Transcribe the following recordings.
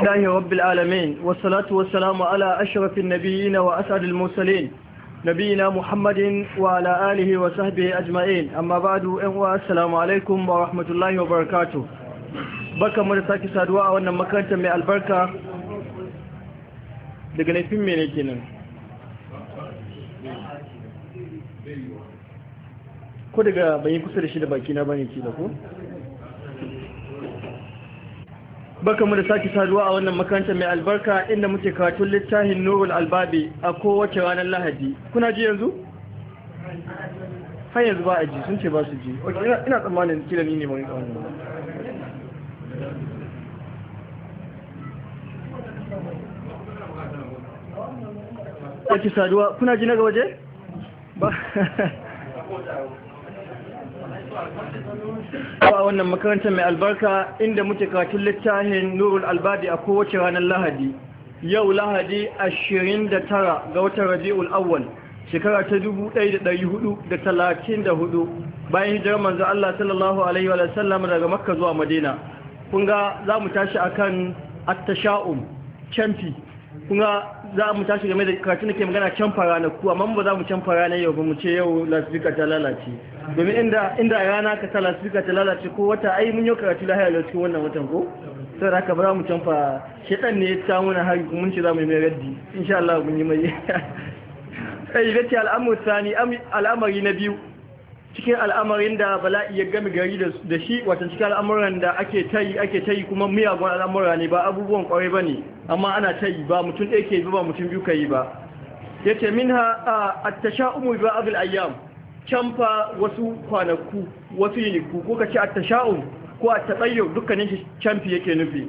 الله رب العالمين والصلاة والسلام على أشرف النبيين وأسعد المرسلين نبينا محمد وعلى آله وصحبه أجمعين أما بعد السلام عليكم ورحمة الله وبركاته baka mu da sake saduwa a wannan makarantar mai albarka daga laifin mene kenan ko daga bayan kusa da shi da baki na bane ke da ko baka mu da sake saduwa a wannan makaranta mai albarka inda muke karatun littafin nurul albabi a kowace ranar lahadi kuna ji yanzu har yanzu ba a ji sun ce ba su ji ina tsammanin kila ni ne wani tsawon sake saduwa kuna ji na ga waje ba a wannan makarantar mai albarka inda muke karatun littafin nurul albadi a kowace ranar lahadi yau lahadi 29 ga watan rabi'ul awwal shekara ta 1434 bayan hijirar manzo Allah sallallahu alaihi wa sallam daga makka zuwa madina kun ga za mu tashi akan at-tasha'um canfi kun ga za mu tashi game da karatu da ke magana can fara na kuwa amma ba za mu can fara na yau ba mu ce yau lasifika ta lalace domin inda inda rana ka ta lasifika ta lalace ko wata ai mun yi karatu lahiyar da cikin wannan watan ko sai haka ba za mu can fara shedan ne ya ta muna hari mun ce za mu yi mai raddi insha Allah mun yi mai sai al'amur al'amari na biyu cikin al'amarin da bala'i ya gami gari da shi wata cikin al'amuran da ake tayi ake tayi kuma miyagun al'amura ne ba abubuwan kwarai ba ne amma ana tayi ba mutum ɗaya ke ba mutum biyu ka yi ba ya ce min ha a attasha umu ba ayyam fa wasu kwanaku wasu yiniku ko ka ce attasha ko a taɓayyau dukkanin shi canfi yake nufi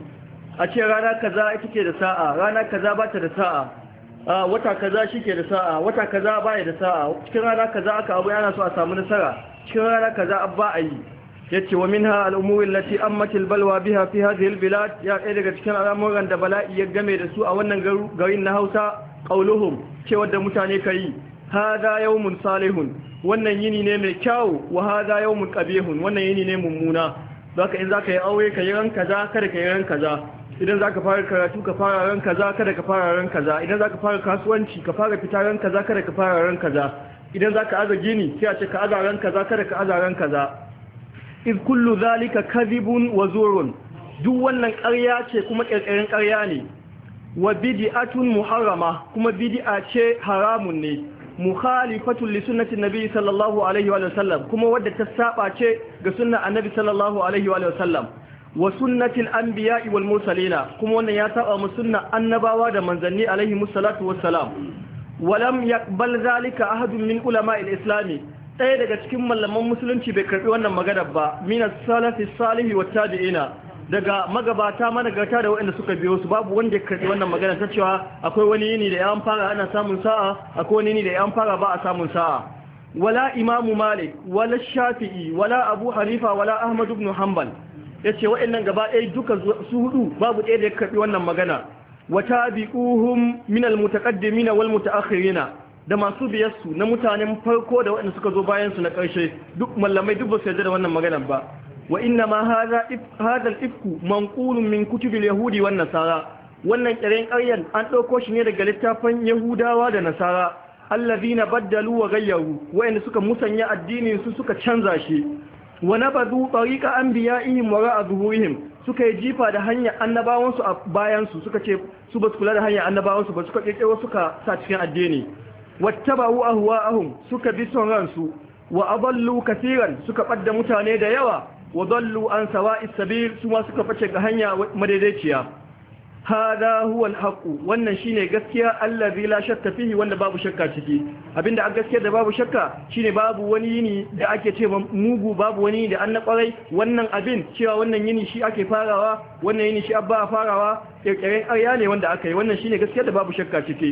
a ce rana kaza ita ke da sa'a rana kaza ba ta da sa'a wata kaza shike da sa'a wata kaza baya da sa'a cikin rana kaza aka abu yana so a samu nasara cikin rana kaza abba ayi yace wa minha al-umuri allati ammat al-balwa biha fi hadhihi al-bilad ya ɗaya daga cikin al'amuran da bala'i ya game da su a wannan garin na Hausa qauluhum ce da mutane kai hada yawmun salihun wannan yini ne mai kyau wa hada yawmun qabihun wannan yini ne mummuna zaka in zaka yi aure ka yi ran kaza kada ka yi ran kaza idan za ka fara karatu ka fara ran kaza kada ka fara ran kaza idan za ka fara kasuwanci ka fara fita ran kaza kada ka fara ran kaza idan za ka aza gini sai a ce ka aza ran kaza kada ka aza ran kaza iz kullu zalika kadhibun wa zurun duk wannan ƙarya ce kuma ƙirƙirin ƙarya ne wa bid'atun muharrama kuma bid'a ce haramun ne mukhalifatun li sunnati nabi sallallahu alaihi wa sallam kuma wadda ta saba ce ga sunnar annabi sallallahu alaihi wa sallam wa sunnatil anbiya'i wal mursalina kuma wannan ya saba mu sunna annabawa da manzanni alaihi musallatu wassalam walam yaqbal zalika ahadun min ulama'il islami ɗaya daga cikin malaman musulunci bai karbi wannan magana ba min as-salafi salihi wat tabi'ina daga magabata managarta da waɗanda suka biyo su babu wanda ya karɓi wannan magana ta cewa akwai wani yini da 'yan fara ana samun sa'a akwai wani yini da 'yan fara ba a samun sa'a wala imamu malik wala shafi'i wala abu hanifa wala ahmad ibn hanbal ya ce waɗannan gaba ɗaya duka su hudu babu ɗaya da ya karɓi wannan magana wata bi'uhum minal mutaqaddimina wal mutaakhirina da masu biyarsu na mutanen farko da waɗanda suka zo bayan su na ƙarshe duk mallamai duk ba su yarda da wannan magana ba wa inna ma hadal ifku manqulun min kutubil yahudi wan nasara wannan kiran ƙaryan an ɗauko shi ne daga littafin yahudawa da nasara allazina baddalu wa ghayyaru waɗanda suka musanya addinin su suka canza shi wa nabadu tariqa anbiya'ihim wa ra'a zuhurihim suka jifa da hanyar annabawansu a bayansu suka ce su ba su kula da hanya annabawansu ba suka kirkiro suka sa cikin addini wattaba'u ahwa'ahum suka bi son ransu wa adallu kasiran suka ɓadda mutane da yawa wa dallu an sawa'is sabil su ma suka fice ga hanya madaidaiciya هذا هو الحق wannan shine gaskiya bi la shakka fihi wanda babu shakka ciki abinda a gaskiya da babu shakka shine babu wani yini da ake cewa mugu babu wani da an kwarai wannan abin cewa wannan yini shi ake farawa wannan yini shi abba farawa kirkiren arya ne wanda aka yi wannan shine gaskiya da babu shakka ciki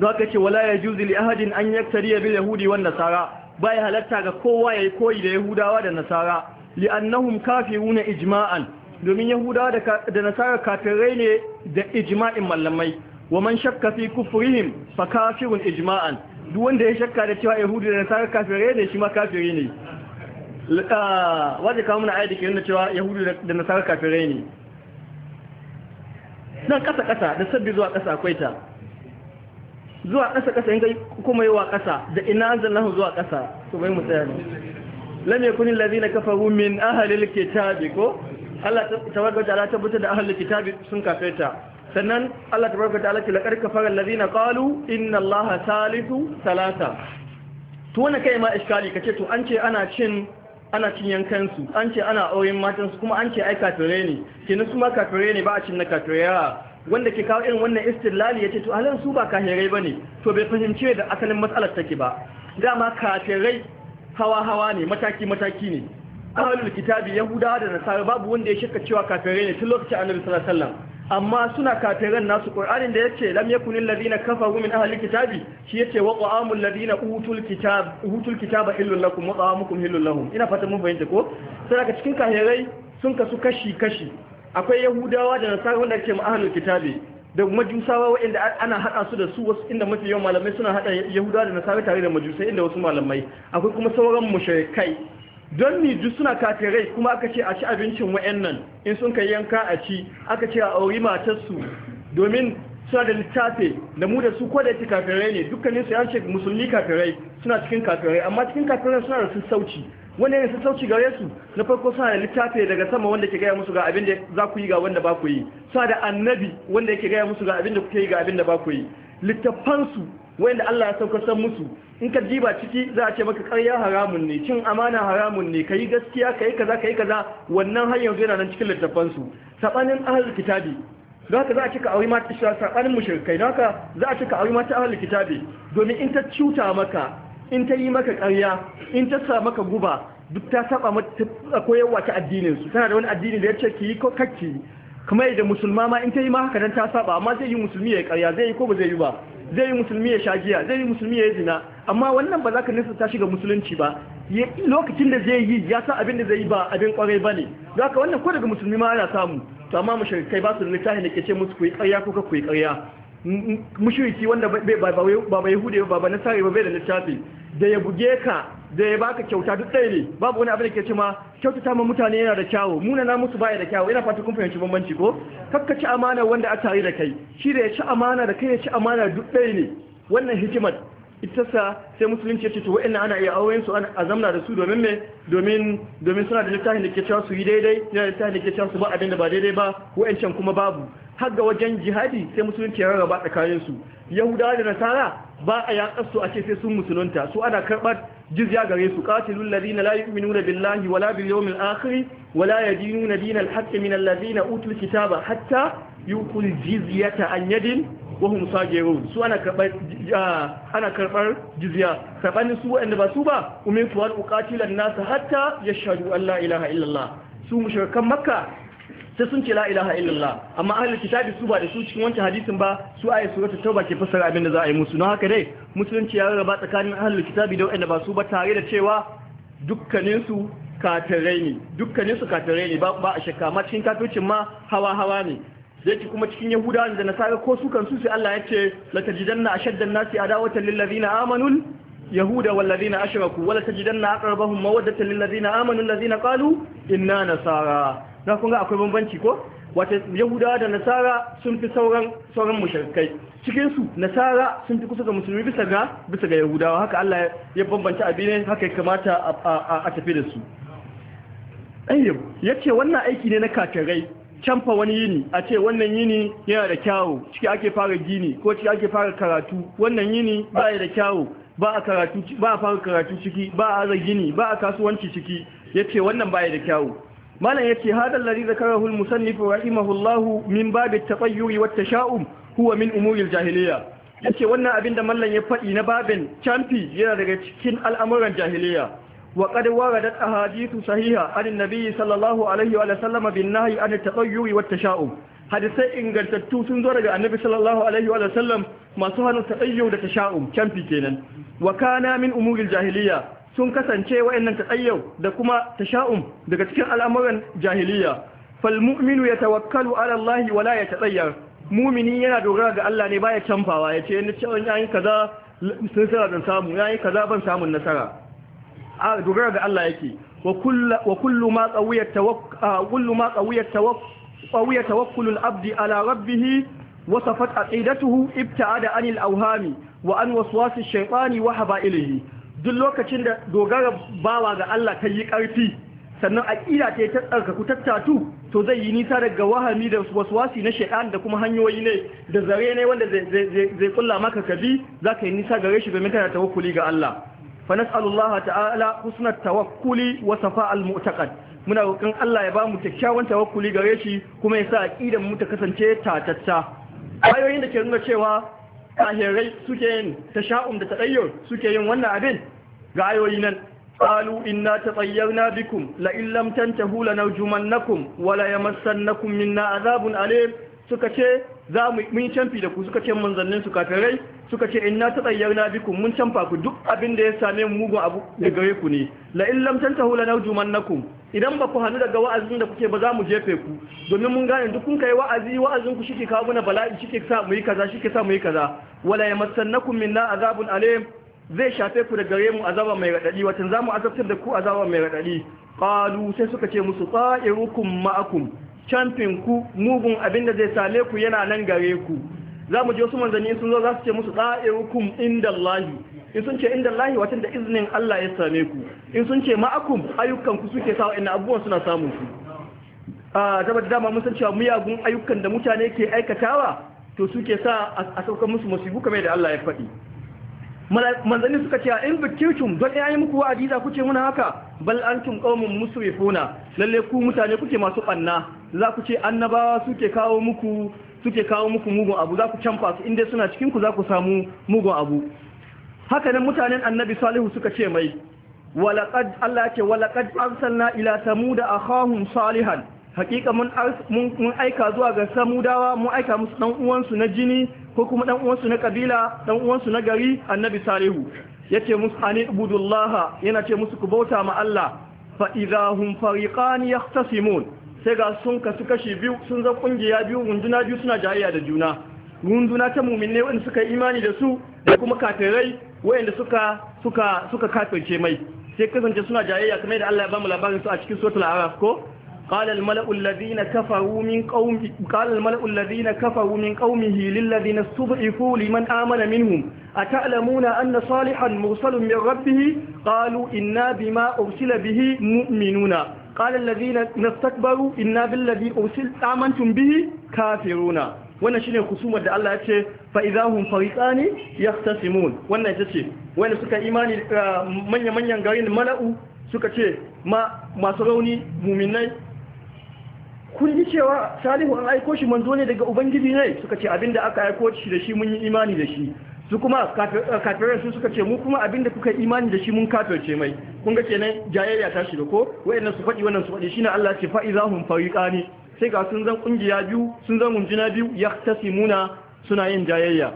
don aka ce wala yajuzu li ahadin an yaktari bil yahudi wan nasara bai halatta ga kowa yayi koyi da yahudawa da nasara annahum kafiruna ijma'an domin yahudawa da nasara kafirai ne da ijma'in mallamai wa man shakka fi kufrihim fa kafirun ijma'an duk wanda ya shakka da cewa yahudu da nasara kafirai ne shi ma kafiri ne ah, wajen kawo muna ayyadi ke da cewa yahudu da nasara kafirai ne nan ƙasa-ƙasa da sabbi zuwa ƙasa akwai ta zuwa ƙasa-ƙasa in kuma yi wa ƙasa da ina an zallahu zuwa ƙasa su bai mu tsaya ne lam yakun allazina kafaru min ahlil kitabi ko Allah tabaraka ta'ala tabbata da ahlul kitabi sun kafeta, sannan Allah tabaraka ta'ala ki laqad kafara allazina qalu inna allaha salisu salasa to wannan kai ma iskali kace to an ce ana cin ana cin yankansu an ce ana auren matansu kuma an ce ai kafirai ne kenan su ma kafirai ne ba a cin na ya wanda ke kawo irin wannan istilali ya ce to alan su ba kafirai ba ne to bai fahimci da asalin matsalar take ba dama kafirai hawa-hawa ne mataki-mataki ne ahlul kitabi yahuda da nasara babu wanda ya shakka cewa kafirai ne tun lokacin annabi sallallahu alaihi wasallam amma suna kafiran nasu qur'anin da yace lam yakun ladina kafaru min ahli kitabi shi yace wa qa'amul ladina utul kitab utul kitaba illal lakum wa qa'amukum illal lahum ina fata mun bayyana ko sai ka cikin kafirai sun kasu kashi kashi akwai yahudawa da nasara wanda ake ahlul kitabi da majusawa wanda ana haɗa su da su wasu inda mafi yawan malamai suna haɗa yahudawa da nasara tare da majusai inda wasu malamai akwai kuma sauran mushrikai don ni duk suna kafirai kuma aka ce a ci abincin wa'annan in sun kai yanka a ci aka ce a auri matarsu domin suna da littafi da mu da su ko da kafirai ne dukkanin su ya ce musulmi kafirai suna cikin kafirai amma cikin kafirai suna da sun sauci. wanda ne sauci gare su na farko suna da littafi daga sama wanda ke gaya musu ga abin da za ku yi ga wanda ba ku yi suna da annabi wanda yake gaya musu ga abin da kuke yi ga abin da ba ku yi littafansu wanda Allah ya saukar san musu in ka jiba ciki za a ce maka karya haramun ne cin amana haramun ne yi gaskiya yi kaza yi kaza wannan har yanzu yana nan cikin littafan su sabanin ahlul kitabi don haka za a cika aure mata isra sabanin mushrikai don haka za a cika aure mata ahlul kitabi domin in ta cuta maka in ta yi maka karya in ta sa maka guba duk ta saba mata koyarwa ta addinin su tana da wani addini da ya ce ki yi ko kakki kuma yadda musulma ma in ta yi ma haka nan ta saba amma zai yi musulmi ya karya zai yi ko ba zai yi ba zai yi musulmi ya shagiya zai yi musulmi ya zina amma wannan ba za ka nisa tashi ga musulunci ba lokacin da zai yi ya sa abin da zai yi ba abin kwarai ba ne za ka wannan ko daga musulmi ma ana samu to amma mashirikai ba su da littafi da ke ce musu kuyi karya ko ka kuyi karya mushiriki wanda ba ba yahude ba ba nasari ba bai da littafi da ya buge ka da ya baka kyauta duk ɗaya ne babu wani abin da ke cewa kyautata ma mutane yana da kyawu muna na musu baya da kyawu ina fata kun fahimci bambanci ko kakka ci amana wanda a yi da kai shi da ya ci amana da kai ya ci amana duk ɗaya ne wannan hikimar ita sa sai musulunci ya ce to wa'annan ana iya auren su a zamna da su domin me domin domin suna da littafin da ke cewa su yi daidai yana da littafin da ke cewa su ba abin da ba daidai ba wa'ancan kuma babu har ga wajen jihadi sai musulunci ya rarraba tsakanin su yahudawa da nasara ba a yaƙar su a ce sai sun musulunta su ana karɓar jizya gare su qatilul ladina la yu'minuna billahi wala bil yawmil akhir wala yadinuna dinal haqq min alladhina utul kitaba hatta yuqul jizyata an yadin wa hum sajirun su ana karɓar ana karɓar jizya sabanin su wanda ba su ba umirtu an uqatilan nas hatta yashhadu an la ilaha illallah su mushrikan makka sai sun ce la ilaha illallah amma ahli kitabi su ba da su cikin wancan hadisin ba su ayi suratu tauba ke fassara abin da za a yi musu don haka dai musulunci ya raba tsakanin ahli kitabi da wanda ba su ba tare da cewa dukkanin su katarai ne dukkanin su katarai ne ba a shakka ma cikin kafircin ma hawa hawa ne yake kuma cikin yahudawan da nasara ko su kansu sai Allah ya ce la tajidanna ashaddan nasi adawatan lil ladina amanu yahuda wal ladina ashraku wala tajidanna aqrabahum mawaddatan lil ladina amanu alladhina qalu inna nasara Na kun ga akwai bambanci ko wata yahudawa da nasara sun fi sauran sauran mushrikai cikin su nasara sun fi kusa ga musulmi bisa ga bisa ga yahudawa haka Allah ya bambanci abin haka ya kamata a tafi da su ayyo yace wannan aiki ne na kakarai canfa wani yini a ce wannan yini yana da kyawu ciki ake fara gini ko ciki ake fara karatu wannan yini ba ya da kyawu ba a karatu ba a fara karatu ciki ba a gini ba a kasuwanci ciki yace wannan ba ya da kyawu malam yace hadal ladhi zakarahu al-musannif rahimahullahu min bab at-tatayyur wa at-tasha'um huwa min umuri al-jahiliya yace wannan abin da mallan ya faɗi na babin champi yana daga cikin al'amuran jahiliya wa qad waradat ahadithu sahiha an an-nabi sallallahu alaihi wa sallam bin nahyi an at-tatayyur wa at-tasha'um hadisai ingantattu sun zo daga annabi sallallahu alaihi wa sallam masu hana tatayyur da tasha'um champi kenan wa kana min umuri al-jahiliya sun kasance wayannan tatayyau da kuma tasha'um daga cikin al'amuran jahiliya fal mu'minu yatawakkalu ala Allah wala yatayyar mu'mini yana dogara ga Allah ne baya canfawa yace ni cewa yayin kaza sun sara dan samu kaza ban samun nasara a dogara ga Allah yake wa kullu wa kullu ma qawiyat tawakkul kullu ma qawiyat tawakkul qawiyat tawakkulul abdi ala rabbih وصفت عقيدته ابتعد عن الأوهام وأن وسواس الشيطان وحبائله duk lokacin da dogara bawa ga Allah ta yi ƙarfi sannan aƙida ta yi tsarkaku tattatu to zai yi nisa daga wahami da waswasi na shaitan da kuma hanyoyi ne da zare ne wanda zai kulla maka kabi za ka yi nisa gare shi domin kana tawakkuli ga Allah fanas Allah ta'ala husnat tawakkuli wa al mu'taqad muna roƙon Allah ya ba mu kyakkyawan tawakkuli gare shi kuma ya sa ƙidan mu ta kasance tatatta ayoyin da ke nuna cewa kahirai suke yin tasha'um da tadayyur suke yin wannan abin ga ayoyi nan qalu inna tatayyarna bikum la in lam tantahu Wala ya la yamassannakum minna azabun alim suka ce za mu mun canfi da ku suka ce manzannin su kafirai suka ce inna bi ku mun canfa ku duk abin da ya same mu mugun abu da gare ku ne la in lam tantahu lanarjumannakum idan ba ku hannu daga wa'azin da kuke ba za mu jefe ku domin mun gane duk kun kai wa'azi wa'azin ku shike kawo mana bala'i shike sa mu yi kaza shike sa mu yi kaza wala yamassannakum minna azabun alim zai shafe ku da gare mu azaba mai radadi watan zamu azabtar da ku azaba mai radadi qalu sai suka ce musu ta'irukum ma'akum camfin ku mugun abin zai sale ku yana nan gare ku za mu je wasu manzanni sun zo za su ce musu tsa'irukum inda Allahi in sun ce inda Allahi watan da izinin Allah ya same ku in sun ce ma'akum ayyukan ku suke sawa ina abubuwan suna samun ku a da dama mun san cewa miyagun ayyukan da mutane ke aikatawa to suke sa a sauka musu musibu kamar da Allah ya faɗi manzanni suka ce in bikirtum don ya yi muku wa'adi za kuke muna haka bal antum qaumun musrifuna lalle ku mutane kuke masu banna za ku ce annabawa suke kawo muku suke kawo muku mugun abu za ku canfa su inda suna cikin ku za ku samu mugun abu haka nan mutanen annabi salihu suka ce mai walaqad Allah ce walaqad arsalna ila samuda akhahum salihan hakika mun aika zuwa ga samudawa mun aika musu ɗan uwansu na jini ko kuma dan uwansu na kabila dan uwansu na gari annabi salihu yace musu ani ibudullah yana ce musu ku bauta ma Allah fa idza hum fariqan yahtasimun sai ga sun kasu kashi biyu sun zan kungiya biyu runduna biyu suna jayayya da juna runduna ta ne wanda suka imani da su da kuma kafirai wanda suka suka suka kafirce mai sai kasance suna jayayya kamar da Allah ya bamu labarin su a cikin suratul araf ko قال الملأ الذين كفروا من قوم قال الملأ الذين كفروا من قومه للذين استضعفوا لمن آمن منهم أتعلمون أن صالحا مرسل من ربه قالوا إنا بما أرسل به مؤمنون قال الذين استكبروا إنا بالذي أرسل آمنتم به كافرون wannan shine husumar da Allah ya ce fa idahum fariqani yahtasimun wannan ita ce wanda suka imani manya manyan garin mala'u suka ce ma masu rauni muminai kun ji cewa salihu an aiko shi manzo ne daga ubangiji ne suka ce abinda aka aiko shi da shi mun yi imani da shi su kuma eh, kafirai su suka ce mu kuma abin da kuka imani da shi mun kafirce mai kun ga kenan jayayya ta shiga ko wayannan su faɗi wannan su faɗi shine Allah ce fa izahum fariqani sai ga sun zan kungiya biyu sun zan munjina biyu yahtasimuna suna yin jayayya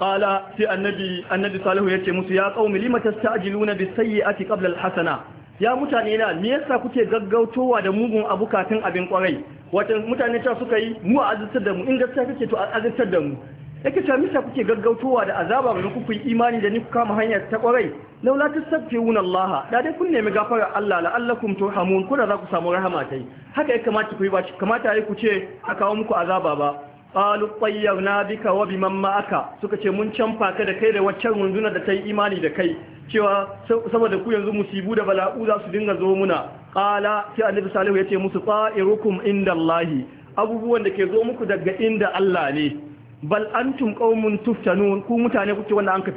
qala sai annabi annabi salihu yace musu ya qaumi lima tasta'jiluna bis sayyi'ati qabla al hasana ya mutane na me yasa kuke gaggautowa da mugun abu kafin abin kwarai wato mutane ta suka yi mu azabtar da mu in gaskiya kake to azabtar da mu yake ta misa kuke gaggautowa da azaba ba ku yi imani da ni ku kama hanyar ta kwarai laula tastaghfiruna Allah da dai kun nemi gafara Allah allakum turhamun kuna za ku samu rahama tai haka ya kamata ku yi ba kamata yi ku ce a kawo muku azaba ba qalu tayyarna bika wa biman ma'aka suka ce mun canfa ka da kai da waccan runduna da ta yi imani da kai cewa saboda ku yanzu musibu da bala'u za su dinga zo muna ƙala sai annabi salihu ce musu ta'irukum inda allahi abubuwan da ke zo muku daga inda Allah ne bal antum qaumun tuftanun ku mutane kuke wanda an ka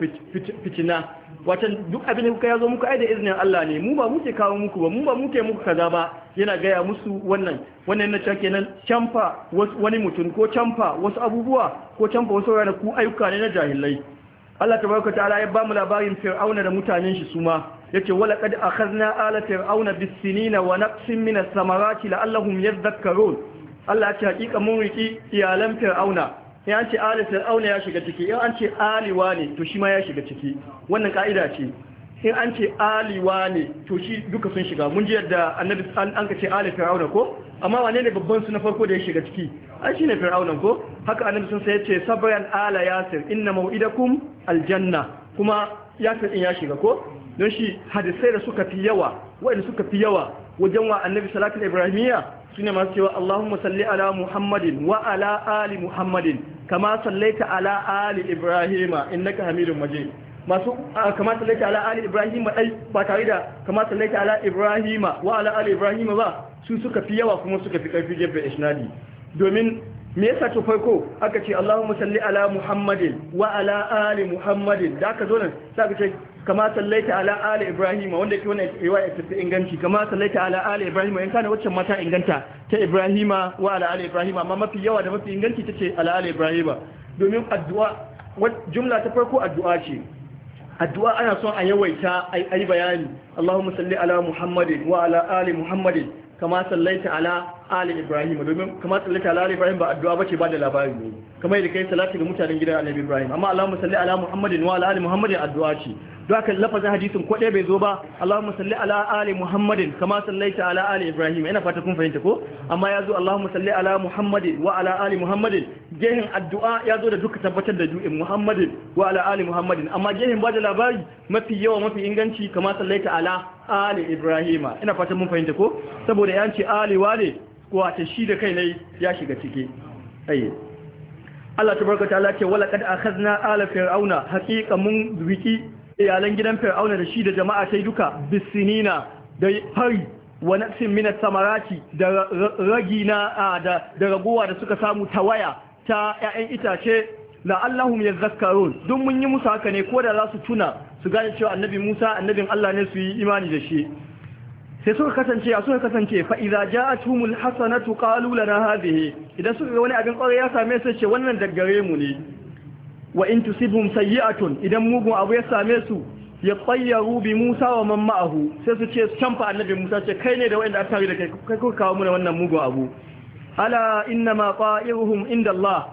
fitina wacan duk abin da kuka zo muku ai da iznin Allah ne mu ba muke kawo muku ba mu ba muke muku kaza ba yana gaya musu wannan wannan na cewa kenan canfa wani mutum ko camfa wasu abubuwa ko canfa wasu rana ku ayyuka ne na jahilai Allah tabaraka ta'ala ya bamu labarin fir'auna da mutanen shi suma yace wala qad akhadna ala fir'auna bis-sinina wa naqsin min as-samarati la'allahum yadhakkarun Allah ce hakika mun riki iyalan fir'auna in an ce ala fir'auna ya shiga ciki in an ce aliwa ne to shi ma ya shiga ciki wannan ka'ida ce in an ce aliwa ne to shi duka sun shiga mun ji yadda annabi an ka ce ali fir'auna ko amma wane ne babban su na farko da ya shiga ciki ai shine fir'auna ko haka annabi sun sai yace sabran ala yasir inna mawidakum aljanna kuma yasir din ya shiga ko don shi hadisai da suka fi yawa wanda suka fi yawa wajen wa annabi sallallahu ibrahimiya sune masu cewa Allahumma salli ala Muhammadin wa ala ali Muhammadin kama sallaita ala ali Ibrahima innaka Hamidum Majid masu kama sallaita ala ali ibrahim dai ba tare da kama sallaita ala ibrahim wa ala ali ibrahim ba su suka fi yawa kuma suka fi karfi gefe isnadi domin me yasa to farko aka ce Allahumma salli ala Muhammadin wa ala ali Muhammadin da aka zo nan sai aka ce kama sallaita ala ali ibrahim wanda yake wannan riwaya ta inganci kama sallaita ala ali ibrahim in kana wacce mata inganta ta ibrahima wa ala ali ibrahim amma mafi yawa da mafi inganci tace ala ali ibrahim domin addu'a jumla ta farko addu'a ce addu'a ana son a yawaita a yi bayani Allahumma salli ala Muhammadin wa ala ali Muhammadin kama sallaita ala ali Ibrahim domin kama sallaita ala ali Ibrahim ba addu'a ba ce ba da labari ne Kama yadda kai salati ga mutanen gidan Ali Ibrahim amma Allahumma salli ala Muhammadin wa ala ali Muhammadin addu'a ce don haka lafazin hadisin ko ɗaya bai zo ba Allahumma salli ala ali Muhammadin kama sallaita ala ali Ibrahim ina fata kun fahimta ko amma ya zo Allahumma salli ala Muhammadin wa ala ali Muhammadin gehin addu'a ya zo da duka tabbatar da ju'in Muhammadin wa ala ali Muhammadin amma gehin bada labari mafi yawa mafi inganci kama sallaita ala ali Ibrahim ina fata mun fahimta ko saboda ya ce ali wale ko ta shi da kai ne ya shiga ciki ayye Allah tabaraka ta'ala ce wala kad akhadna ala fir'auna haqiqa mun biki iyalan gidan fir'auna da shi da jama'a sai duka bisinina da hari wa nafsin min samarati da ragina da da ragowa da suka samu ta waya ta 'ya'yan itace la'allahum yadhakkarun duk mun yi musu haka ne ko da za su tuna su gane cewa annabi Musa annabin Allah ne su yi imani da shi sai suka kasance a suka kasance fa idza ja'atuhumul hasanatu qalu lana hadhihi idan suka wani abin kwarai ya same su ce wannan daggare mu ne wa in tusibhum sayyi'atun idan mugun abu ya same su ya tsayyaru bi Musa wa man ma'ahu sai su ce canfa annabi Musa ce kai ne da wanda aka tare da kai kai kuka kawo mana wannan mugun abu ala inna ma qa'iruhum inda Allah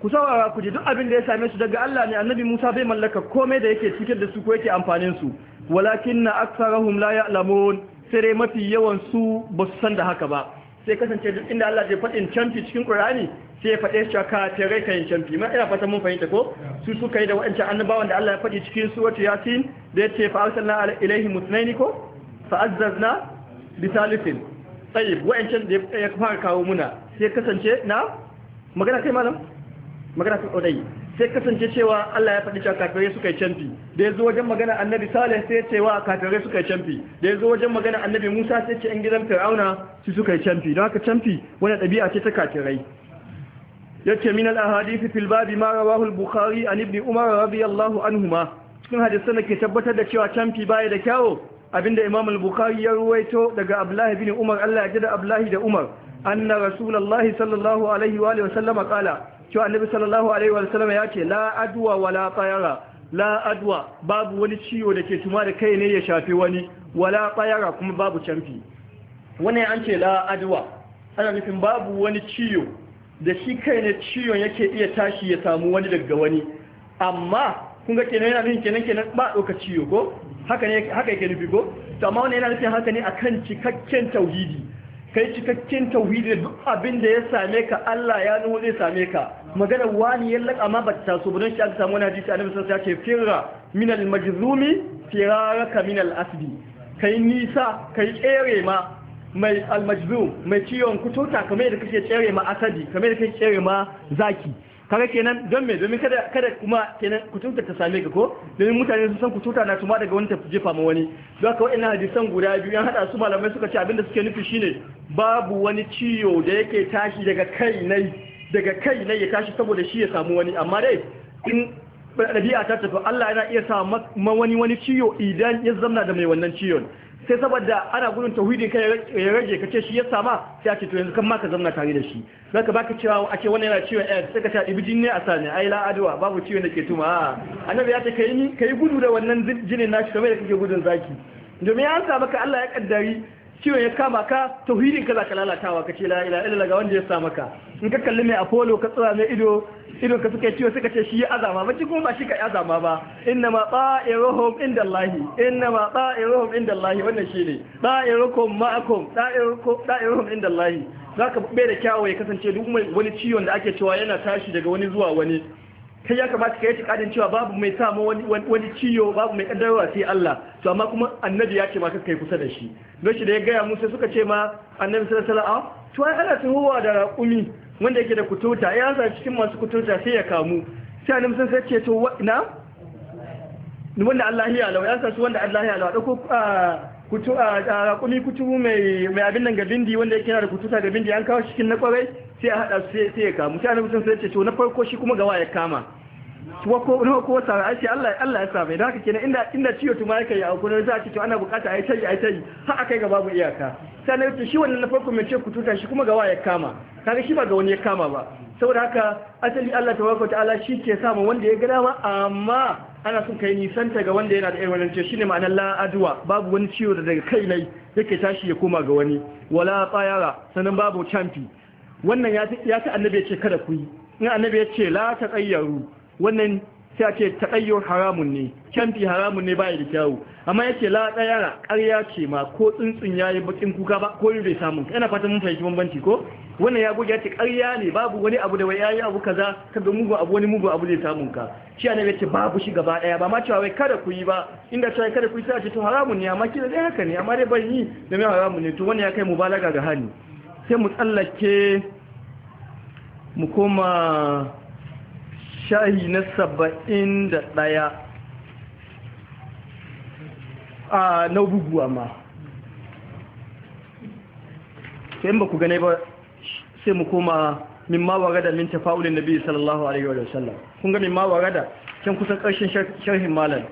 ku saurara ku ji duk abin da ya same su daga Allah ne annabi Musa bai mallaka komai da yake cikin da su ko yake amfanin su walakinna aktharuhum la ya'lamun sai mafi yawan su ba su san da haka ba sai kasance duk inda Allah zai faɗin canfi cikin Qur'ani sai ya faɗe ta kafirai kan canfi ma ina fata mun fahimta ko su suka yi da wa'ancan annabawan da Allah ya faɗi cikin suratu Yasin da ya ce arsalna ilaihim mutnaini ko fa azzazna bi thalithin tsaye wa'ancan da ya fara kawo muna sai kasance na magana kai malam magana kai odai sai kasance cewa Allah ya faɗi cewa kafirai suka yi canfi da ya zo wajen magana annabi salih sai cewa kafirai suka yi canfi da ya zo wajen magana annabi musa sai ce yan gidan fir'auna su suka yi canfi don haka canfi wani ɗabi'a ce ta kafirai yace min al-ahadith fil babi ma rawahu al-bukhari an ibn umar radiyallahu anhuma cikin hadisan da ke tabbatar da cewa canfi baya da kyawo abinda imam al-bukhari ya ruwaito daga abdullahi bin umar Allah ya ji da abdullahi da umar anna rasulullahi sallallahu alaihi wa sallama qala cewa annabi sallallahu alaihi wa sallam ya ce la adwa wala tayara la adwa babu wani ciwo da ke tuma da kai ne ya shafi wani wala tayara kuma babu canfi wannan an ce la adwa ana nufin babu wani ciwo da shi kai ne ciwon yake iya tashi ya samu wani daga wani amma kun ga kenan yana nufin kenan kenan ba doka ciwo ko haka ne haka yake nufi ko to amma wannan yana nufin haka ne akan cikakken tauhidi kai cikakken tauhidi duk abin da ya same ka Allah ya nuhu zai same ka magana wani ya laka ma ba ta so budan shi aka samu wani hadisi annabi sallallahu alaihi wasallam ya ce firra min al majzumi firaraka min al asdi kai nisa kai tsere ma mai al majzum mai ciwon kututa kamar da kake tsere ma asadi kamar da kake tsere ma zaki kaga kenan don me domin kada kada kuma kenan kutunta ta same ka ko domin mutane sun san kutunta na tuma daga wani ta jefa ma wani don haka wa'annan hadisan guda biyu Yan hada su malamai suka ce abinda suke nufi shine babu wani ciwo da yake tashi daga kai na ya tashi saboda shi ya samu wani amma dai in ɗabi'a ta tafi Allah yana iya sa ma wani wani ciwo idan ya zamna da mai wannan ciwon sai saboda ana gudun tauhidi kai ya rage ka ce shi ya sama sai a ce to yanzu kan ma ka zamna tare da shi zaka baka cewa a ce wannan yana ciwon AIDS sai ka a ibi jini a sani ai la adwa babu ciwon da ke tuma annabi ya ce ka yi gudu da wannan jinin nashi kamar da kake gudun zaki domin an samu maka Allah ya kaddari ciwon ya kama ka tauhidin ka zaka lalatawa kace la ilaha illallah ga wanda ya sa maka in ka kalli mai apollo ka tsira mai ido ido ka suka ciwo suka ce shi ya azama ba kuma ba shi ka azama ba inna ma ta'iruhum inda Allah inna ma ta'iruhum inda Allah wannan shine ta'irukum ma'akum ta'irukum ta'iruhum inda Allah zaka bai da kyawu ya kasance duk wani ciwon da ake cewa yana tashi daga wani zuwa wani kai ya kamata ka yi tikadin cewa babu mai samu wani ciyo babu mai kaddarwa sai Allah to amma kuma annabi ya ce ma kai kusa da shi don shi da ya gaya musu suka ce ma annabi sallallahu alaihi wasallam ah, to ai ana huwa da raƙumi wanda yake da kututa ya sa cikin masu kututa sai ya kamu sai annabi sun sai ce to na wanda Allah ya lawa ya sa su wanda Allah ya lawa dauko ah, kutu a ah, raƙumi kutu mai mai abin nan ga bindi wanda yake yana da kututa ga bindi an kawo cikin na kwarai sai a hada sai sai ya kama sai annabi sun sai ce to na farko shi kuma gawa ya kama ko na ko sa ai sai Allah Allah ya sa mai haka kenan inda inda ciyo tuma yake ya akwai za a ce to ana bukata ai tayi ai tayi har akai ga babu iyaka sai na ce shi wannan na farko mai ce ku tuta shi kuma gawa ya kama kaga shi ba ga wani ya kama ba saboda haka asali Allah tabaraka ta'ala shi ke samu wanda ya ga dama amma ana son kai nisanta ga wanda yana da irin wannan ce shine ma'anar adwa babu wani ciwo da daga kai nai yake tashi ya koma ga wani wala tsayara sanan babu champion wannan ya ce annabi ya ce kada ku yi in annabi ya ce la ta tsayyaru wannan sai ake ce taƙayyar haramun ne canfi haramun ne baya da kyawu amma ya ce la tsayara ƙarya ce ma ko tsuntsun ya yi bakin kuka ba ko bai samun yana fatan mun fahimci bambanci ko wannan ya goge ya ce ƙarya ne babu wani abu da wai yayi abu kaza ga mugun abu wani mugun abu zai samun ka shi annabi ya ce babu shi gaba ɗaya ba ma cewa wai kada ku yi ba inda cewa kada ku yi sai a ce to haramun ne amma kila dai haka ne amma dai ban yi da mai haramun ne to wannan ya kai mubalaga ga hani sai mu tsallake mu koma shahi na saba'in da ɗaya a na buguwa ma sai ba ku gane ba sai mu koma min ma warada min tafa'ulin nabi sallallahu alaihi wa sallam kun ga min ma da can kusan ƙarshen sharhin malam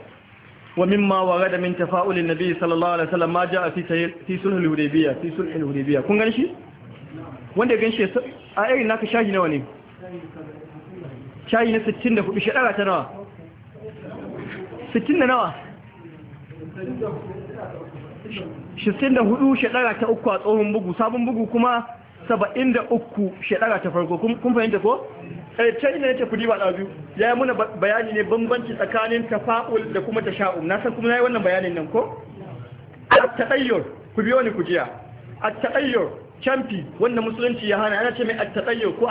ومما ورد من تفاؤل النبي صلى الله عليه وسلم ما جاء في في صلح الحديبيه fi sulhul الحديبيه kun ganshi wanda gan shi a irin naka shahi nawa ne shahi na 64 shaɗara ta nawa 60 da nawa 64 shaɗara ta uku a tsohon bugu sabon bugu kuma 73 shaɗara ta farko kun fahimta ko? can eh, na yake kudi ba ɗazu ya yi muna bayani ne bambanci tsakanin tafa'ul da kuma ta sha'um na san kuma na yi wannan bayanin nan ko? a taɗayyar ku biyo ni ku jiya a taɗayyar camfi wanda musulunci ya hana ana ce mai attaqayyu ko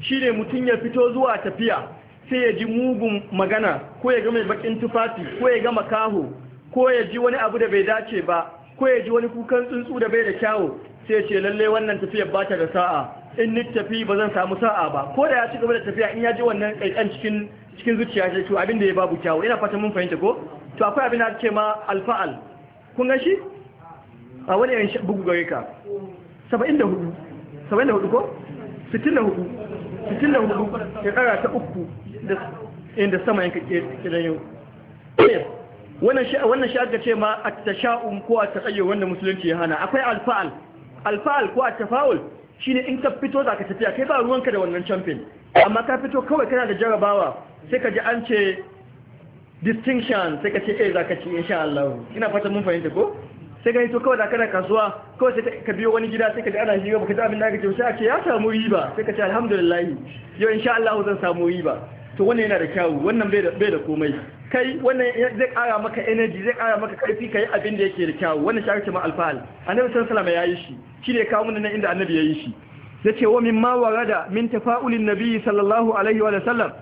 shi ne mutum ya fito zuwa tafiya sai ya ji mugun magana ko ya ga mai bakin tufafi ko ya ga makaho ko ya ji wani abu da bai dace ba ko ya ji wani kukan tsuntsu da bai da kyawu sai ya ce lalle wannan tafiyar ba ta da sa'a in ni tafi ba zan samu sa'a ba ko da ya ci gaba da tafiya in ya ji wannan kaikan cikin cikin zuciya ce to abin da ya babu kyawu ina fatan mun fahimta ko to akwai abin da ake ma alfa'al kun ga shi a wani yan bugu gare ka 74 ko 64 64 ya kara ta uku inda sama yanka kidan yau eh, wannan shi aka ce ma a Sha'un ko a taƙayyar wanda musulunci ya hana akwai alfa'al alfa'al ko a tafa'ul shi ne in ka fito za ka tafiya kai ba ruwanka da wannan champion amma ka fito kawai kana da jarabawa sai ka ji an ce distinction sai ka ce eh za ka ce insha Allah ina fata mun fahimta ko sai gani to kawai da kana kasuwa kawai sai ka biyo wani gida sai ka ji ana hira baka ji abin da kake sai ake ya samu riba sai ka ce alhamdulillah yau insha Allah zan samu riba to wannan yana da kyau, wannan bai da bai da komai kai wannan zai kara maka energy zai kara maka karfi kai abin da yake da kyau. wannan shi ake cewa alfa'al annabi sallallahu alaihi wasallam yayi shi shi ne kawo mun nan inda annabi yayi shi yace wa min ma warada min tafa'ulin nabi sallallahu alaihi wa sallam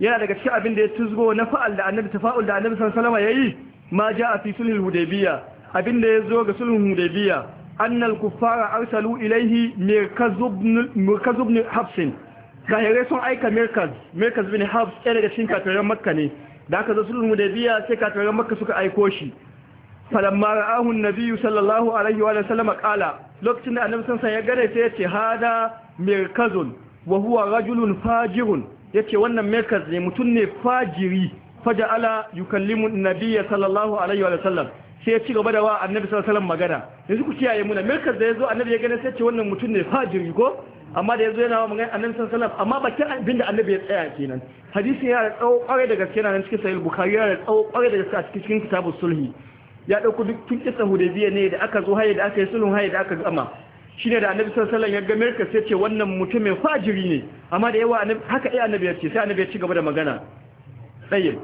yana daga cikin abin da ya tuzgo na fa'al da annabi tafa'ul da annabi sallallahu alaihi yayi ma ja'a fi sulhul hudaybiyah abinda ya zo ga sulhun hudaybiya annal kuffara arsalu ilaihi mirkaz ibn hafsin kahirai sun aika mirkaz mirkaz bin hafs ɗaya daga cikin kafiran makka ne da aka zo sulhun hudaybiya sai kafiran makka suka aiko shi falamma ra'ahu an-nabi sallallahu alaihi wa sallam qala lokacin da annabi san ya gare sai ya ce hada mirkazun wa huwa rajulun fajirun yace wannan mirkaz ne mutum ne fajiri faja'ala yukallimu an-nabiy sallallahu alaihi wa sallam sai ya ci gaba da wa annabi sallallahu alaihi wasallam magana yanzu ku kiyaye muna me da yazo annabi ya gane sai ce wannan mutum ne fajiri ko amma da yazo yana wa magana annabi sallallahu alaihi wasallam amma bakin abin da annabi ya tsaya kenan hadisi ya tsawo kware da gaske nan cikin sahih bukhari ya tsawo kware da gaske a cikin kitabus sulhi ya dauko duk tun kisa hudaybiya ne da aka zo haye da aka yi sulhun haye da aka gama shine da annabi sallallahu alaihi wasallam ya ga sai ce wannan mutum mai fajiri ne amma da yawa haka eh annabi ya ce sai annabi ya ci gaba da magana tsayin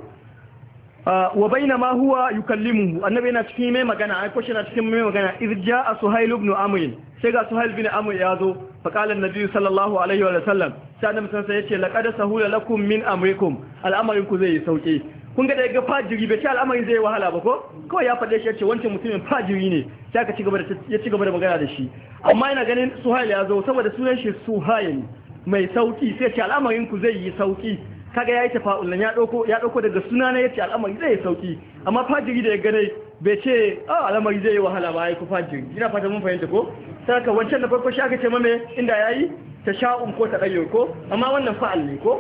wa baina ma huwa yukallimuhu annabi yana cikin mai magana ai ko na cikin mai magana irja a suhail ibn amr sai ga suhail ibn amr ya zo fa qala annabi sallallahu alaihi wa sallam sai annabi sai yace laqad sahula lakum min amrikum al'amarin ku zai yi kun ga daga fajiri bai ce al'amarin zai wahala ba ko kawai ya fade shi yace wancan mutumin fajiri ne sai ka ci gaba da ya ci gaba da magana da shi amma ina ganin suhail ya zo saboda sunan shi suhail mai sauki sai ce al'amarin ku zai yi sauki kaga yayi tafa'ul ya dauko ya dauko daga sunana yace al'amari zai sauki amma fajiri da ya gane bai ce ah al'amari zai wahala ba ai ku fajiri ina fata mun fahimta ko saka wancan da farko shi aka ce mame inda yayi tasha'un ko tadayyur ko amma wannan fa'al ne ko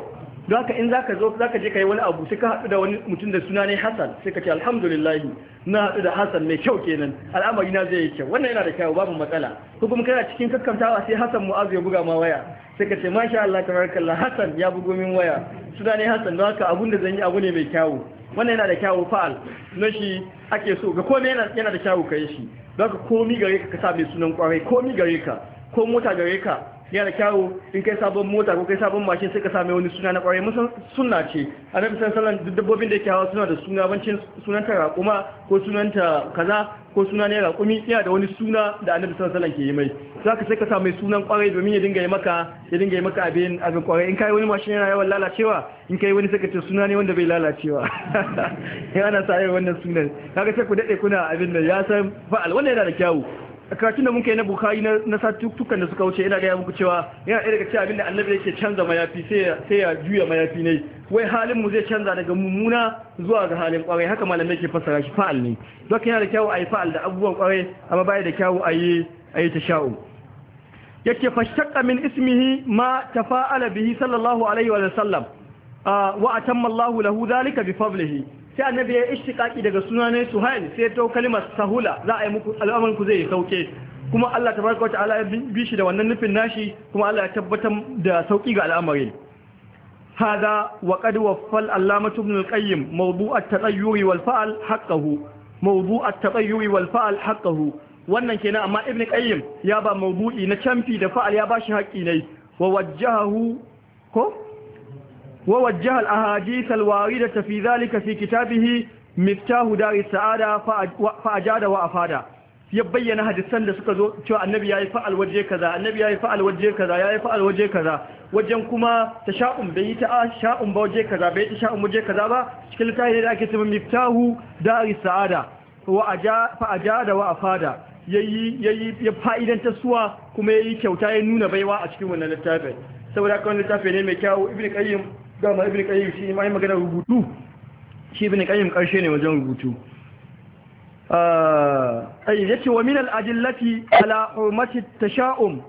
don haka in zaka zo zaka je yi wani abu sai ka haɗu da wani mutum da suna ne Hassan sai ka ce alhamdulillah na haɗu da Hassan mai kyau kenan al'amari na zai yi kyau wannan yana da kyau babu matsala ko kuma kana cikin kakkantawa sai Hassan Mu'azu ya buga ma waya sai ka ce masha Allah tabarakallah Hassan ya bugo min waya suna ne Hassan don haka abun da zan yi abu ne mai kyau wannan yana da kyau fa'al na shi ake so ga komai yana da kyau yi shi don haka komi gare ka ka sa mai sunan kwarai komi gare ka ko mota gare ka ya da kyawu in kai sabon mota ko kai sabon mashin sai ka same wani suna na kwarai musan suna ce a sallallahu bisan salon dabbobin da ke hawa suna da suna bancin sunanta raƙuma ko sunanta kaza ko suna ne raƙumi yana da wani suna da annabi sallallahu alaihi ke yi mai Za ka sai ka same sunan kwarai domin ya dinga yi maka ya dinga yi maka abin abin kwarai in kai wani mashin yana yawan lalacewa in kai wani ka ce suna ne wanda bai lalacewa yana sa irin wannan sunan kaga sai ku daɗe kuna abin da ya san fa'al wannan yana da kyawu karatun da muka yi na bukari na satuttukan da suka wuce ina gaya muku cewa yana ɗaya daga cewa abinda annabi yake canza mayafi sai ya juya mayafi ne wai halin mu zai canza daga mummuna zuwa ga halin kwarai haka malamai ke fassara shi fa'al ne zaka yana da kyawu yi fa'al da abubuwan kwarai amma baya da kyawu ayi ayi sha'u yake fashtaqqa min ismihi ma tafa'ala bihi sallallahu alaihi wa sallam wa atamma Allahu lahu dhalika bi fadlihi sai annabi ya ishtiqaqi daga sunanin suhail sai to kalmar sahula za a yi muku al'amarin ku zai sauke kuma Allah tabaraka wa ta'ala ya bi shi da wannan nufin nashi kuma Allah ya tabbatar da sauki ga al'amari hada wa qad waffal allamatu ibn al-qayyim mawdu' at-tatayyuri wal fa'al haqqahu mawdu' at wal fa'al haqqahu wannan kenan amma ibn qayyim ya ba mawdu'i na camfi da fa'al ya bashi haƙi ne wa wajjahu ko ووجه الأحاديث الواردة في ذلك في كتابه مفتاح دار السعادة فأجاد وأفاد ya bayyana hadisan da suka zo cewa annabi yayi fa'al waje kaza annabi yayi fa'al waje kaza yayi fa'al waje kaza wajen kuma tasha'um bai ta sha'um ba waje kaza bai tasha'um waje kaza ba cikin littafi da ake cewa miftahu dari sa'ada wa aja fa ajada wa afada kuma yayi kyauta ya nuna baiwa a cikin wannan littafin saboda haka littafi ne mai kyau ibnu qayyim dama ibn qayyim shi ma yi magana rubutu shi ibn qayyim karshe ne wajen rubutu ah, ai yace wa min al adillati ala hurmati tashaum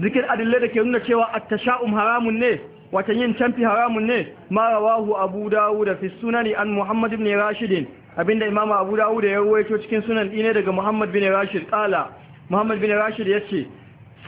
zikir adilla da ke nuna cewa at tashaum haramun ne wata yin canfi haramun ne ma rawahu abu dawud fi sunani an muhammad ibn rashid abinda imamu abu dawud ya rawaito cikin sunan ne daga muhammad bin rashid qala muhammad bin rashid yace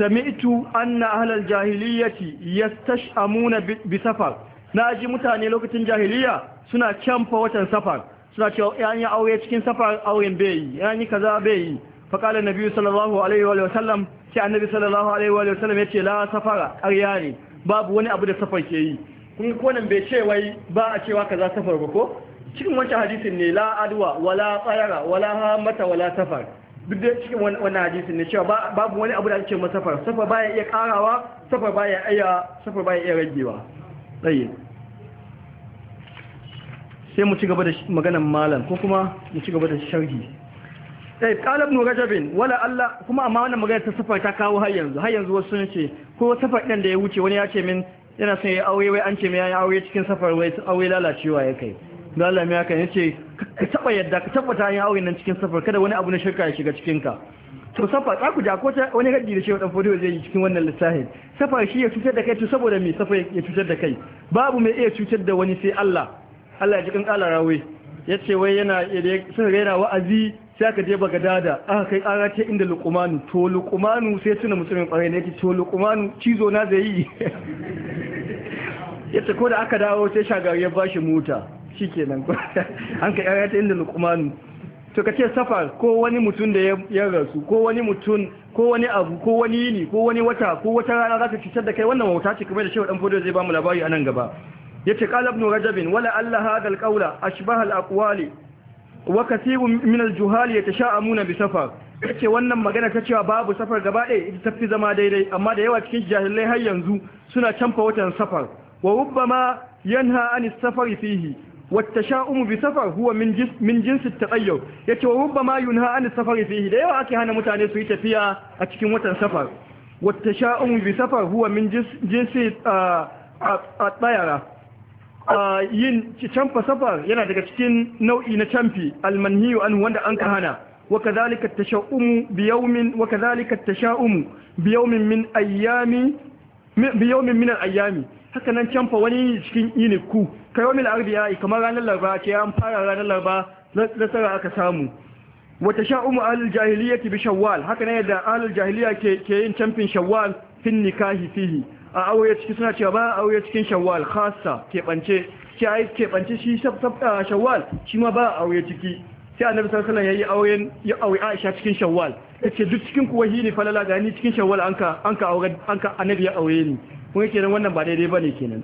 sami'tu anna ahlal jahiliyyati yastash'amuna bi safar naji mutane lokacin jahiliya suna canfa watan safar suna cewa yayin aure cikin safar auren bai yi yayin kaza bai yi fa qala nabiyyu sallallahu alaihi wa sallam annabi sallallahu alaihi wa sallam yace la safara ƙarya ne babu wani abu da safar ke yi kun ko nan bai ce wai ba a cewa kaza safar ba ko cikin wancan hadisin ne la adwa wala tsayara wala hamata wala safar duk da cikin wannan hadisin ne cewa babu wani abu da ake cewa safar safar baya iya karawa safar baya iya safar baya iya ragewa tsaye sai mu ci gaba da maganan malam ko kuma mu ci gaba da sharhi eh qala ibn rajabin wala Allah kuma amma wannan magana ta safar ta kawo har yanzu har yanzu wasu ce ko safar din da ya wuce wani ya ce min yana son ya aure wai an ce mai ya aure cikin safar wai aure lalacewa ya kai dan Allah mai haka yace ka taba yadda ka tabbata yin auren nan cikin safar kada wani abu na shirka ya shiga cikin ka to safa za ku ja ko wani haddi da shi wadan fodiyo zai yi cikin wannan lissafin safa shi ya cutar da kai to saboda me safa ya cutar da kai babu mai iya cutar da wani sai Allah Allah ya ji kan kala rawe yace wai yana sun yana wa'azi sai aka je dada aka kai kara ta inda luqmanu to luqmanu sai tuna musulmin ƙwarai ne yake to luqmanu cizo na zai yi yace ko da aka dawo sai shagari ya bashi mota shi kenan an ka yaya inda lukumanu to ka ce safar ko wani mutum da ya rasu ko wani mutum ko wani abu ko wani yini ko wani wata ko wata rana za ta cutar da kai wannan wauta ce kamar da shehu dan fodo zai ba mu labari a nan gaba ce qala ibn rajabin wala Allah hadha alqawla ashbaha alaqwali wa kathirun min aljuhal yatasha'amuna bi safar yace wannan magana ta cewa babu safar gaba ɗaya ita tafi zama daidai amma da yawa cikin jahilai har yanzu suna canfa watan safar wa rubbama yanha an safari fihi والتشاؤم بسفر هو من min من جنس التغير yace rubbama yunha an safari fihi da yawa ake hana mutane su yi tafiya a cikin watan safar والتشاؤم بسفر هو من جنس جنس الطيرة yin canfa safar yana daga cikin nau'i na canfi almanhiyu an wanda an kahana وكذلك التشاؤم بيوم وكذلك التشاؤم بيوم من ايام بيوم haka nan canfa wani cikin iniku kai wa mil'arbi ya yi kamar ranar larba ce an fara ranar larba nasara aka samu wata sha'umu ahlul jahiliya bi shawwal haka nan yadda ahlul jahiliya ke yin canfin shawwal fin nikahi fihi a aure ciki suna cewa ba aure cikin shawwal Kasa keɓance ce yi keɓance shi shawwal shi ma ba aure ciki sai annabi sallallahu alaihi wasallam yayi aure Aisha cikin shawwal yace duk cikin kuwa hili falala gani cikin shawwal anka anka aure anka annabi ya aure ni kun kenan wannan ba daidai ne kenan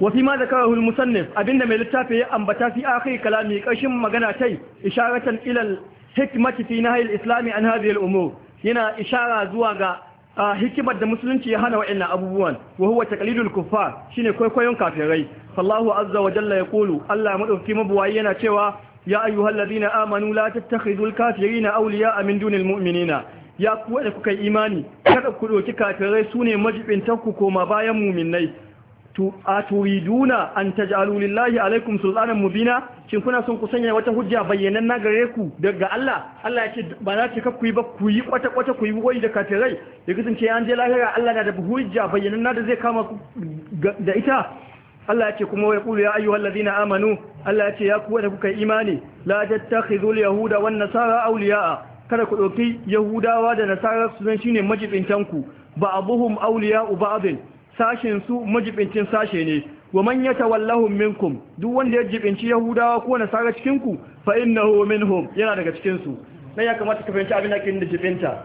wafi ma da karar musannif abinda mai littafi ya ambata fi akai kalami kashin magana tai isharatan ilal hikmati fi nahyi islami an hadhihi al-umur yana ishara zuwa ga hikimar da musulunci ya hana wa'annan abubuwan wa huwa taqlidul kuffar shine kwaikwayon kafirai fallahu azza wa jalla yaqulu Allah madauki mabuwayi yana cewa ya ayyuhalladhina amanu la tattakhidul kafirina awliya'a min dunil mu'minina ya kuwa da kuka yi imani kada ku doki kafirai su ne majibintan ku koma bayan muminai A turiduna an taj'alu alaikum alaikum sultanan mubina shin kuna son ku sanya wata hujja bayyanan na gare ku daga Allah Allah ya ce ba na ce ku yi ba ku yi kwata kwata ku yi da kafirai ya kasance an je lahira Allah na da hujja bayyanan na da zai kama da ita Allah ya ce kuma ya kulu ya ayyuhal ladina amanu Allah ya ce ya ku da kuka imani la tattakhidhul yahuda wan nasara awliya'a kada ku ɗauki yahudawa da nasara su zan shine majibintanku ba abuhum auliya uba'adin sashen su majibincin sashe ne wa man yatawallahum minkum duk wanda ya jibinci yahudawa ko nasara cikin ku fa innahu minhum yana daga cikin su dan ya kamata ka fahimci abin da ke da jibinta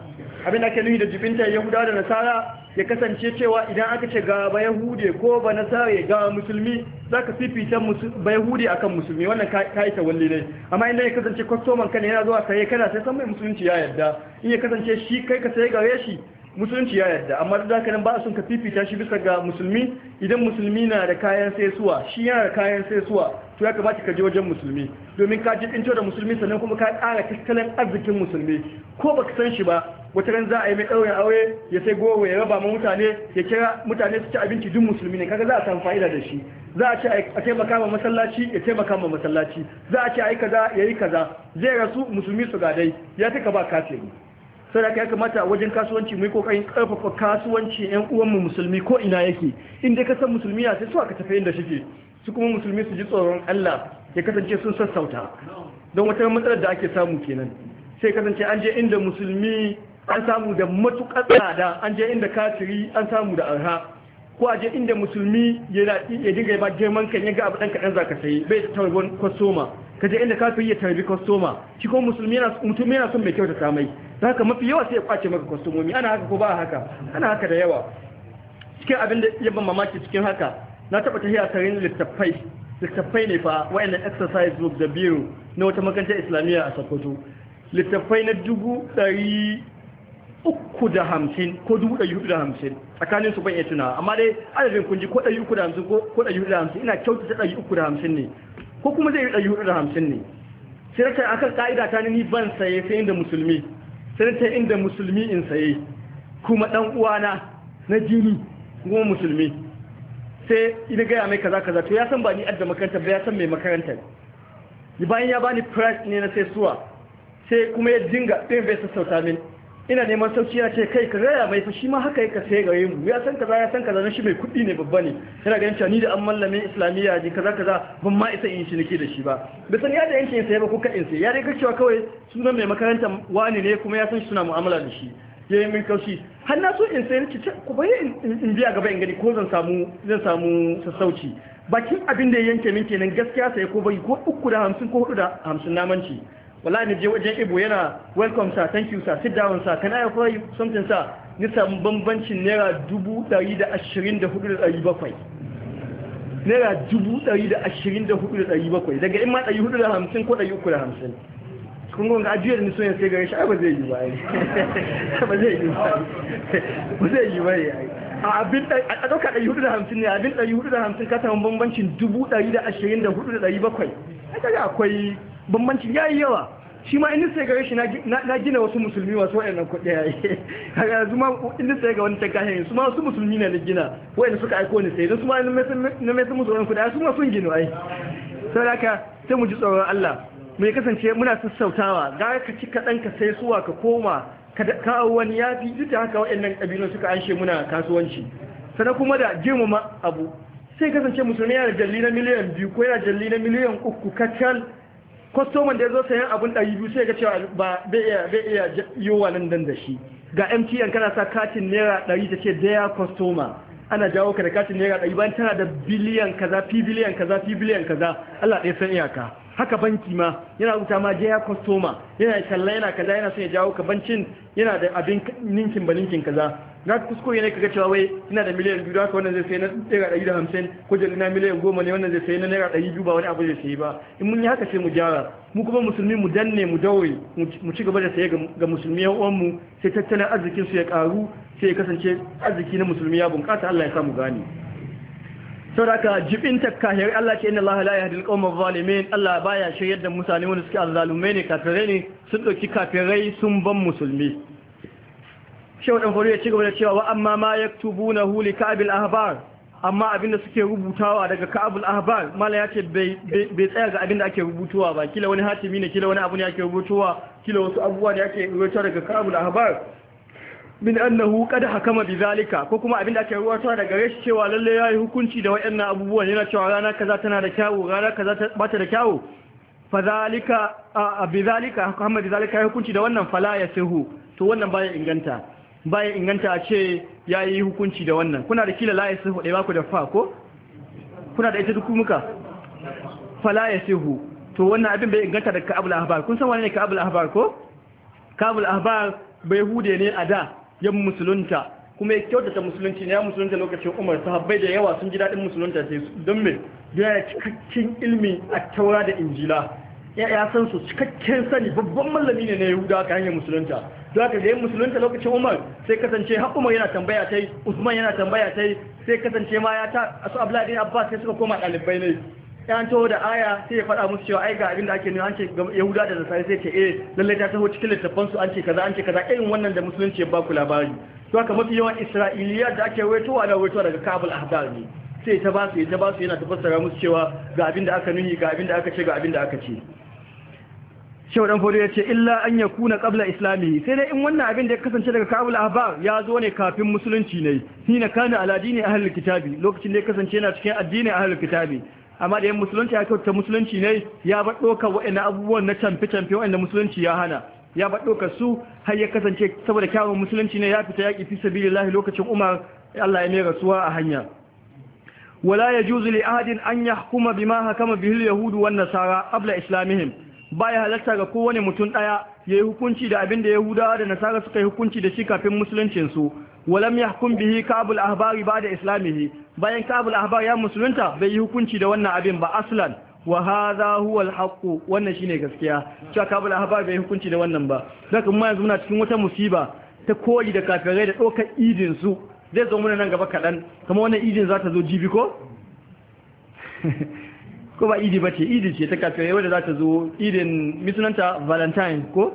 abin da ke nuni da jibinta yahudawa da nasara ya kasance cewa idan aka ce ga Bayahudi ko ba nasare ga musulmi za ka fifita Bayahudi a kan musulmi wannan ka yi tawalli ne amma inda ya kasance kwastoman ka yana zuwa saye kana sai san mai musulunci ya yarda in ya kasance shi kai ka saye gare shi musulunci ya yarda amma da haka nan ba a sun ka fifita shi bisa ga musulmi idan musulmi na da kayan sai suwa shi yana da kayan sai suwa to ya kamata ka je wajen musulmi domin ka ji da musulmi sannan kuma ka kara tattalin arzikin musulmi ko baka san shi ba wata ran za a yi mai ɗaurin aure ya sai gowa ya raba ma mutane ya kira mutane su ci abinci duk musulmi ne kaga za a samu fa'ida da shi za a ce a taimaka ma masallaci ya taimaka ma masallaci za a ce a yi kaza ya yi kaza zai rasu musulmi su ga dai ya taka ba kafiri sai da ya kamata wajen kasuwanci mu yi kokarin karfafa kasuwanci uwan mu musulmi ko ina yake in dai ka san musulmi na sai su aka tafi inda shike su kuma musulmi su ji tsoron Allah ya kasance sun sassauta don wata matsalar da ake samu kenan sai kasance an je inda musulmi an samu da matuƙar tsada an je inda kafiri an samu da arha ko a je inda musulmi ya dinga ba girman kan ya ga abu ɗan kaɗan za ka sayi bai tarbon kwastoma ka je inda kafiri ya tarbi kwastoma shi ko musulmi mutum yana son mai kyau ta samai, za ka mafi yawa sai ya kwace maka kwastomomi ana haka ko ba haka ana haka da yawa cikin abin da ya ban mamaki cikin haka na taɓa tafiya tarin littattafai littattafai ne fa wayannan exercise book da biro na wata makarantar islamiyya a sokoto littattafai na dubu ɗari uku da hamsin ko dubu ɗari hudu da hamsin tsakanin su ban iya tuna amma dai adadin kun ji ko ɗari uku da hamsin ko ɗari hudu da hamsin ina kyautata ɗari uku da hamsin ne ko kuma zai yi ɗari hudu da hamsin ne sai ta akan ƙa'ida ta ni ban saye sai inda musulmi sai ta inda musulmi in saye kuma ɗan uwana na jini kuma musulmi sai ina gaya mai kaza kaza to ya san ba ni adda makaranta ba ya san mai makaranta bayan ya bani price ne na sai suwa sai kuma ya dinga ɗin bai sassauta min ina neman sauki ya ce kai ka gaya mai fashi ma haka ka sai gare mu ya san kaza ya san kaza na shi mai kuɗi ne babba ne yana ganin cewa da an mallame islamiyya ne kaza kaza ban ma isa in ciniki da shi ba bai san yadda yanke sai ba ko in sai ya dai cewa kawai sunan mai makaranta wani ne kuma ya san suna mu'amala da shi ya yi min kaushi har na so in sai ni ku bai in biya gaba in gani ko zan samu zan samu sassauci bakin abin da ya yanke min kenan gaskiya sai ko bai ko uku da hamsin ko hudu da hamsin namanci wallahi je wajen ibo yana welcome sir thank you sir sit down sir can i offer you something sir ni samu bambancin naira dubu dari da ashirin da hudu da dari bakwai naira dubu dari da ashirin da hudu da dari bakwai daga in ma ɗari hudu da hamsin ko ɗari uku da hamsin kun ga ajiyar ni soyan sai gare shi ba zai yi ba ba zai yi ba ba zai yi ba yi." a abin a ɗauka ɗari hudu da hamsin ne abin ɗari hudu da hamsin kasan bambancin dubu dari da ashirin da hudu da dari bakwai kaga akwai bambancin yayi yawa shi ma inda sai gare shi na gina wasu musulmi wasu waɗannan kuɗi ya yi kaga yanzu ma inda sai ga wani tankahin su ma wasu musulmi ne na gina waɗanda suka aiko ni sai su ma na mai sun musu wani kuɗi su ma sun gino ai da haka sai mu ji tsoron Allah mai kasance muna sassautawa gara ka ci kaɗan ka sai suwa ka koma ka kawo wani yafi duk da haka waɗannan ƙabilun suka anshe muna kasuwanci sannan kuma da girmama abu sai kasance musulmi yana jalli na miliyan biyu ko yana jalli na miliyan uku kacal kwastoma da ya zo sayan abin ɗari biyu sai ga cewa ba bai iya yi wa nan da shi ga mtn kana sa katin naira ɗari ta ce daya kwastoma ana jawo ka da katin naira ɗari bayan tana da biliyan kaza fi biliyan kaza fi biliyan kaza allah ɗaya san iyaka haka banki ma yana rubuta ma ya kostoma yana kalla yana kaza yana son ya jawo ka bankin yana da abin ninkin ba ninkin kaza na kusko ne kaga cewa wai ina da miliyan biyu haka wannan zai sayi na naira ɗari da hamsin ko jeli na miliyan goma ne wannan zai sayi na naira ɗari biyu ba wani abu zai sayi ba in mun yi haka sai mu gyara mu kuma musulmi mu danne mu daure mu ci gaba da saye ga musulmi yan uwanmu sai tattalin arzikin su ya karu sai ya kasance arziki na musulmi ya bunƙasa Allah ya samu gane saboda jibinta kahir Allah ce inna Allah la yahdi al-qawma zalimin Allah baya shiryar da mutane wanda suke azzalumai ne kafirai ne sun ɗauki kafirai sun ban musulmi Shehu dan ya ci gaba da cewa wa amma ma yaktubunahu li ka'bil ahbar amma abinda suke rubutawa daga ka'abul ahbar mala ya bai bai tsaya ga abinda ake rubutuwa ba kila wani hatimi ne kila wani abu ne ake rubutuwa kila wasu abubuwa da ake rubuta daga ka'abul ahbar min annahu qad hakama bizalika ko kuma abinda ake ruwato daga rashi cewa lalle yayi hukunci da wayannan abubuwan yana cewa rana kaza tana da kyawu rana kaza bata da kyawu fadhalika bizalika hakama bizalika yayi hukunci da wannan fala ya sahu to wannan baya inganta baya inganta a ce yayi hukunci da wannan kuna da kila la ya sahu dai ku da fa ko kuna da ita duk muka fala ya sahu to wannan abin bai inganta da ka'abul ahbar kun san wani ne ka'abul ahbar ko ka'abul ahbar bai hude ne a da Yan musulunta kuma ya kyautata musulunci ne ya musulunta lokacin umar sahabbai da yawa sun ji daɗin musulunta sai su don me ya cikakken ilmi a taura da injila ya san su cikakken sani babban mallami ne na yahuda ka hanyar musulunta za ka da yin musulunta lokacin umar sai kasance har yana tambaya ta usman yana tambaya ta sai kasance ma ya ta su abdullahi abbas sai suka koma ɗalibai ne yan taho da aya sai ya faɗa musu cewa ai ga abin da ake nuna an ce yahuda da zasari sai ce eh lalle ta taho cikin littafan su an ce kaza an ce kaza irin wannan da musulunci ya ba ku labari to haka mafi yawan isra'iliya da ake waitowa da waitowa daga kabul ahdar ne sai ta ba su ta ba su yana tafassara musu cewa ga abin da aka nuni ga abin da aka ce ga abin da aka ce shi dan Fodo ya ce illa an yakuna qabla islami sai dai in wannan abin da ya kasance daga Kabul Ahbar ya zo ne kafin musulunci ne hina kana al'adini ahlul kitabi lokacin da ya kasance yana cikin addini ahlul kitabi amma da yin musulunci ya kyauta musulunci ne ya ba ɗaukar abubuwan na camfe-camfe waɗanda musulunci ya hana ya ba ɗaukar su har ya kasance saboda kyawun musulunci ne ya fita yaƙi fi lahi lokacin umar Allah ya mera rasuwa a hanya wala ya juzu li ahadin an yahkuma bima hakama bihil yahudu wan nasara abla islamihim baya halatta ga kowane mutum ɗaya ya yi hukunci da abin da yahudawa da nasara suka yi hukunci da shi kafin su. walam yahkum bihi kabul ahbari ba'da islamihi bayan kabul ahbar ya musulunta bai yi hukunci da wannan abin ba aslan wa hadha huwa alhaq wannan shine gaskiya cewa kabul ahbar bai hukunci da wannan ba zaka mu yanzu muna cikin wata musiba ta koyi da kafirai da dokar idin su zai zo muna nan gaba kadan kamar wannan idin za ta zo jibi ko ko ba idi bace idi ce ta kafirai wanda za ta zo idin misunanta valentine ko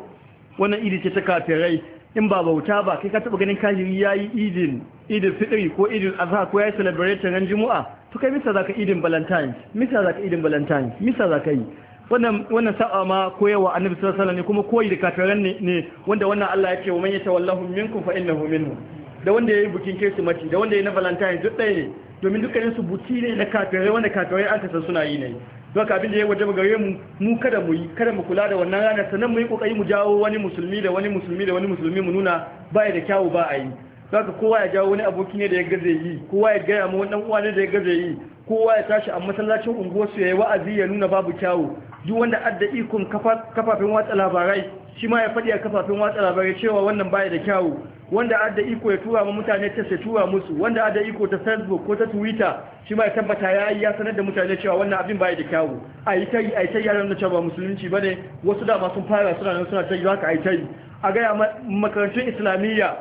wannan idi ce ta kafirai in ba bauta ba kai ka taba ganin ya yayi idin idin fitri ko idin azha ko yi celebrate ran juma'a to kai misa zaka idin valentine misa zaka idin valentine misa zaka yi wannan wannan sa'a ma koyewa annabi sallallahu alaihi wasallam ne kuma koyi da kafiran ne wanda wannan Allah ya ce wa man yatawallahu minkum fa innahu minhu da wanda ya yi bukin kirsimati da wanda ya yi na valentine duk ɗaya ne domin dukkanin su buci ne na kafirai wanda kafirai an kasar suna yi ne don ka abin da ya waje gare mu mu kada mu yi kada mu kula da wannan ranar sannan mu yi kokari mu jawo wani musulmi da wani musulmi da wani musulmi mu nuna ba da kyawu ba a yi don ka kowa ya jawo wani aboki ne da ya gaze yi kowa ya gaya mu wani uwa ne da ya gaze yi kowa ya tashi a masallacin unguwarsu ya yi wa'azi ya nuna babu kyawu duk wanda adda ikon kafafen watsa labarai shi ma ya faɗi a kafafen watsa labarai cewa wannan baya da kyawu wanda adda iko ya tura ma mutane ta sai tura musu wanda adda iko ta facebook ko ta twitter shi ma ya tabbata ya yi ya sanar da mutane cewa wannan abin baya da kyawu a yi yi a yi yi yaran da cewa ba musulunci ne wasu dama sun fara suna nan suna tayi haka a yi yi a gaya makarantun islamiyya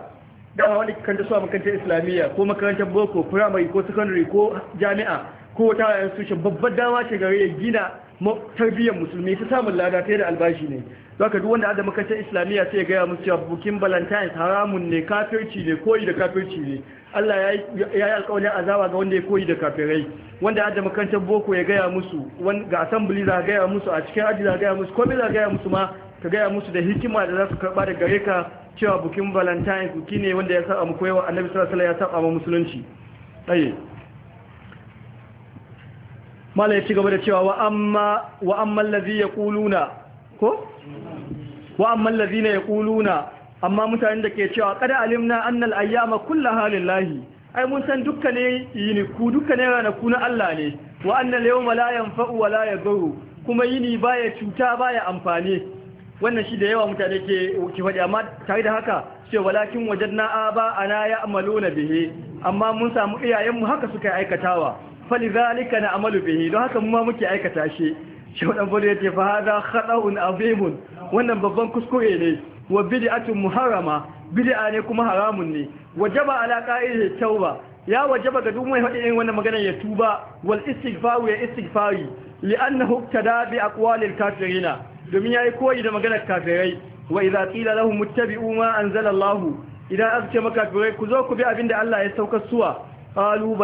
dama wanda kanta suwa makarantar islamiyya ko makarantar boko primary ko secondary ko jami'a ko wata yansu babbar dama ce gare ya gina tarbiyyar musulmi ta samun lada ta da albashi ne za ka duk wanda ada islamiyya sai gaya musu cewa bukin valentines haramun ne kafirci ne koyi da kafirci ne Allah ya yi alkawarin azawa ga wanda ya koyi da kafirai wanda adam makarantar boko ya gaya musu ga assembly za gaya musu a cikin aji za gaya musu komai za gaya musu ma ka gaya musu da hikima da za su karba da gare ka cewa bukin valentines buki ne wanda ya saba mu koyawa annabi sallallahu alaihi wasallam ya saba mu musulunci ayi mala ya ci gaba da cewa wa amma wa amma allazi ko wa amma allazina amma da ke cewa kada alimna anna al-ayyama kullaha lahi ai mun san dukkanin yini ku dukkanin ranaku na Allah ne wa anna al-yawma la wa la yadhuru kuma yini baya cuta baya amfani wannan shi da yawa mutane ke ki faɗi amma tare da haka ce walakin na aba amalo na bihi amma mun samu iyayenmu haka suka yi aikatawa zalika na amalu bihi don haka mu ma muke aikata shi shi wadan bado yace fa hada khata'un azimun wannan babban kuskure ne wa bid'atun muharrama bid'a ne kuma haramun ne wajaba ala qa'idati tauba ya wajaba ga duk mai hadin wannan magana ya tuba wal istighfaru ya istighfari li'annahu ibtada bi aqwalil kafirina domin yayi koyi da maganar kafirai wa idza qila lahum ittabi'u ma anzala Allah idan aka ce maka kafirai ku zo ku bi abinda Allah ya saukar suwa qalu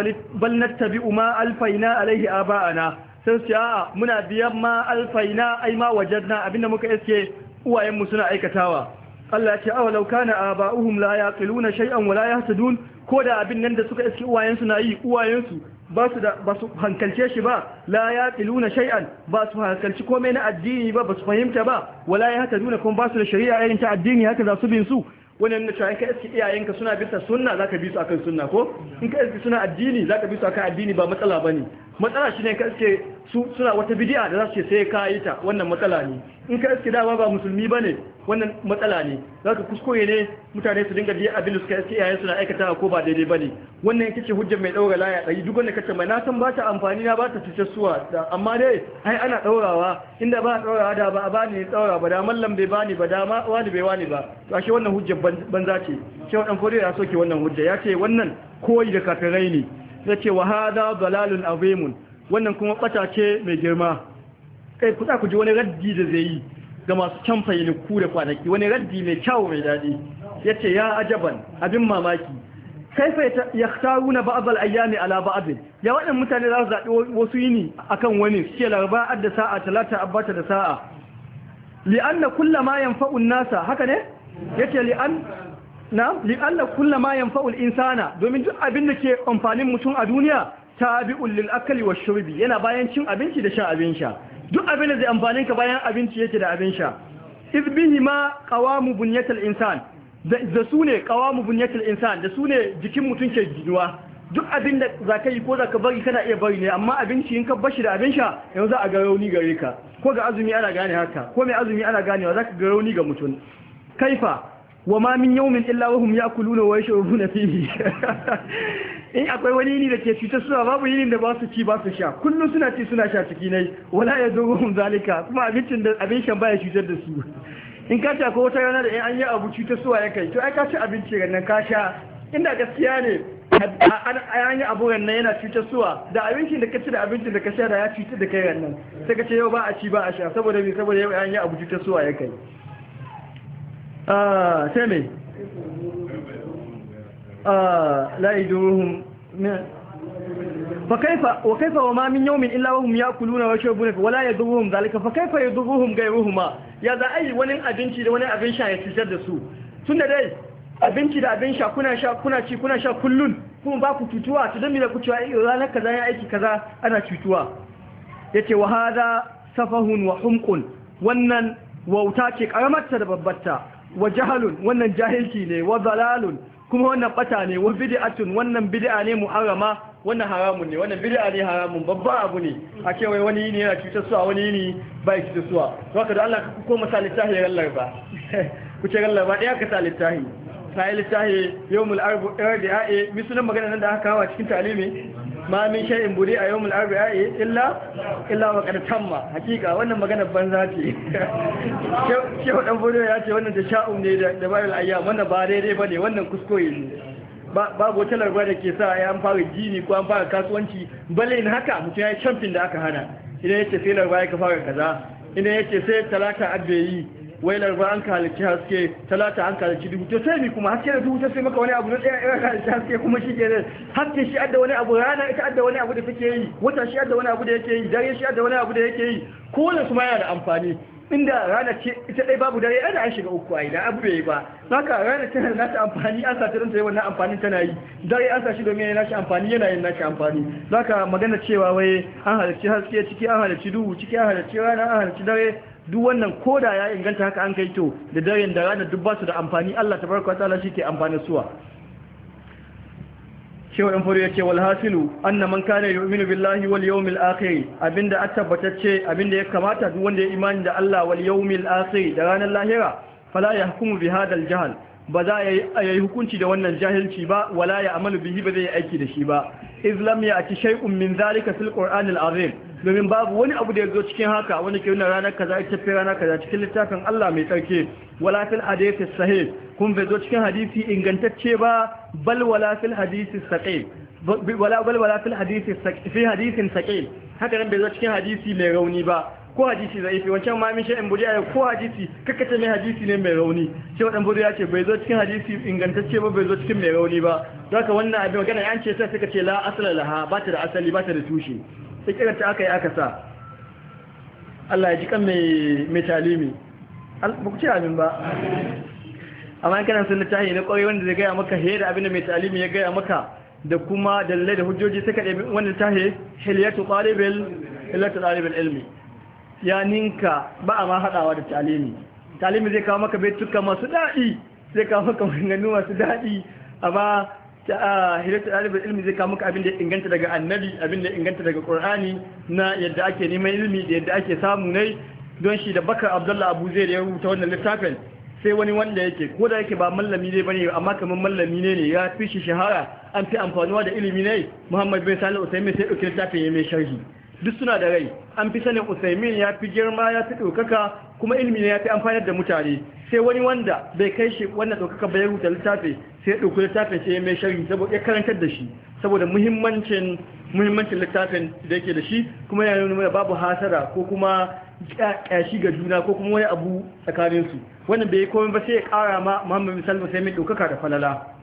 bal nattabi'u ma alfaina alaihi aba'ana sai su a'a muna biyan ma alfaina ai ma wajadna abinda muka iske uwayenmu suna aikatawa Allah ya ce a kana aba'uhum la yaqiluna shay'an wa la yahtadun ko da abin nan da suka iske uwayensu na yi uwayensu ba su da ba su hankalce shi ba la yaqiluna shay'an ba su hankalci komai na addini ba ba su fahimta ba wala yahtaduna kuma ba su da shari'a irin ta addini haka za su bin su wannan na cewa in ka iske iyayenka suna bisa sunna zaka bi su akan sunna ko in ka iski suna addini zaka bi su akan addini ba matsala bane matsala shi ne ka iske suna wata bidi'a da za su ce sai ka yi ta wannan matsala ne in ka iske dawa ba musulmi ba ne wannan matsala ne za ka kuskure ne mutane su dinga biya abin da suka iske yayin suna aikata ko ba daidai ba ne wannan ita ce hujjar mai ɗaura laya ɗari duk wanda kace mai na san ba ta amfani na ba ta suwa amma dai ai ana ɗaurawa inda ba a ɗaurawa da ba a ba ni ɗaura ba da mallam bai bani ba da wani bai wani ba to ashe wannan hujjar banza ce shi wadan fodiyo ya soke wannan hujja ya ce wannan koyi da kafirai ne ce wa hada dalalun azimun wannan kuma bata ce mai girma kai kusa ku ji wani raddi da zai yi ga masu can fayyiliku da kwanaki wani raddi mai kyau mai daɗi yace ya ajaban abin mamaki kaifa yaktaruna ba'd al-ayyami ala ba'd ya waɗannan mutane za su zaɓi wasu yini akan wani suke laraba da sa'a talata abbata da sa'a na kulla yanfa'u an-nasa haka ne yace li'an na Allah kulla ma yanfa'ul insana domin duk abin da ke amfanin mutum a duniya ta lil akali wa shurbi yana bayan cin abinci da shan abin sha duk abin da zai amfanin ka bayan abinci yake da abin sha bihi ma qawamu bunyatil insan da su ne qawamu bunyatil insan da su ne jikin mutum ke ginuwa duk abin da za ka yi ko za ka bari kana iya bari ne amma abinci in ka bashi da abin sha yanzu za a ga rauni gare ka ko ga azumi ana gane haka ko mai azumi ana ganewa za ka ga rauni ga mutum kaifa wa ma min yawmin illa wa hum yakuluna wa yashrabuna fihi in akwai wani yini da ke cutar suna babu yinin da ba su ci ba su sha kullum suna ci suna sha ciki nai wala ya zo hum zalika kuma abincin da abin shan baya cutar da su in ka ta ko wata rana da an yi abu cutar suwa ya kai to ai ka ci abinci ran nan ka sha inda gaskiya ne an yi abu ran nan yana cutar suwa da abincin da ka ci da abincin da ka sha da ya cutar da kai ran nan sai ka ce yau ba a ci ba a sha saboda me saboda yau an yi abu cutar suwa ya kai sai mai fakaifa wa kaifa wa ma min yawmin illa wa hum yakuluna wa yashrabuna wala yadurruhum zalika fakaifa yadurruhum ghayruhuma ya za ai wani abinci da wani abin sha ya tsijar da su tunda dai abinci da abin sha kuna sha kuna ci kuna sha kullun kuma ba ku cutuwa to dan me da ku cewa ranar kaza ya aiki kaza ana cutuwa yace wa hada safahun wa humqun wannan wauta ce karamarta da babbarta wa jahalun wannan jahilci ne wa zalalun kuma wannan bata ne wa bid'atun wannan bid'a ne muharrama wannan haramun ne wannan bid'a ne haramun babba abu ne a wai wani yini yana cutar suwa wani yini bai cutar suwa to haka da Allah ka koma sa littafi ran larba ku ce ran larba ɗaya ka sa littafi sa littafi yawmul arba'a misalan magana nan da aka kawo cikin talimi ma min shay'in buri a yawmul arba'i illa illa wa qad tamma hakika wannan magana banza ce shehu dan buri ya ce wannan tasha'um ne da bayan ayyam wannan ba daidai bane wannan kuskure ne babu wata larba da ke sa ya an fara jini ko an fara kasuwanci balle in haka mutum ya yi camfin da aka hana idan ya ce sai larba ya ka fara kaza idan ya ce sai talata abe yi wai larba an kalici haske talata an kalici dubu duhu to sai ni kuma haske da duhu ta sai maka wani abu na tsaya ya kalici haske kuma shi kenan haske shi adda wani abu rana ita adda wani abu da take yi wata shi adda wani abu da yake yi dare shi adda wani abu da yake yi kowane su ma yana da amfani inda rana ce ita dai babu dare ana an shiga uku ai da abu bai ba haka rana tana na ta amfani an sa don ta yi wannan amfani tana yi dare an sa shi domin yana shi amfani yana yin nashi amfani haka magana cewa wai an halarci haske ciki an halarci duhu ciki an halarci rana an halarci dare duk wannan koda ya inganta haka an kai to da daren da ranar duk basu da amfani Allah tabaraka ta'ala ke amfani suwa Shehu ɗan fari ya ce wal hasilu anna man kana yu'minu billahi wal yawmil akhir abinda a tabbatacce abinda ya kamata duk wanda ya imani da Allah wal yawmil akhir da ranar lahira fala yahkumu bi hadal jahal ba za a yi hukunci da wannan jahilci ba wala ya amalu bihi ba zai aiki da shi ba iz lam ya'ti shay'un min zalika fil qur'anil azim domin babu wani abu da ya zo cikin haka wani ke nuna ranar kaza ita fi ranar kaza cikin littafin Allah mai tsarki wala fil hadisi sahih kun bai zo cikin hadisi ingantacce ba bal wala fil hadisi saqil bal hadisi fi hadisin haka nan bai zo cikin hadisi mai rauni ba ko hadisi zaifi wancan ma min shay'in budi ayo ko hadisi kakkace mai hadisi ne mai rauni shi wadan budi ya ce bai zo cikin hadisi ingantacce ba bai zo cikin mai rauni ba zaka wannan abin magana an ce sai suka ce la asala laha ba ta da asali ba ta da tushe sai ta aka yi aka sa Allah ya ji kan mai talimi ba ku ce amin ba amma kana sun littafi na kwarai wanda zai gaya maka he da abin da mai talimi ya gaya maka da kuma dalilai da hujjoji suka ɗabi wanda ta he hiliyatu ɗalibin hiliyatu ɗalibin ilmi ya ninka ba a ma haɗawa da talimi talimi zai kawo maka bai tuka masu daɗi zai kawo maka maganganu masu daɗi a ba ta hirarta ɗalibar ilmi zai kawo muka abin da inganta daga annabi abin da inganta daga ƙur'ani na yadda ake neman ilmi da yadda ake samu ne don shi da bakar abdullahi abu zai ya rubuta wannan littafin sai wani wanda yake ko da yake ba mallami ne bane amma kamar mallami ne ne ya fi shi shahara an fi amfanuwa da ilimi ne muhammad bin salih usaimin sai ɗauki littafin ya mai sharhi duk suna da rai an fi sanin usaimin ya fi girma ya fi ɗaukaka kuma ilmi ne ya fi amfanar da mutane sai wani wanda bai kai shi wannan ɗaukaka bai rubuta littafi sai ya ɗauki littafin sai ya mai shari saboda ya karantar da shi saboda muhimmancin muhimmancin littafin da yake da shi kuma yana nuna mana babu hasara ko kuma ƙyashi ga juna ko kuma wani abu tsakaninsu wannan bai yi komai ba sai ya ƙara ma muhammad misali usaimin ɗaukaka da falala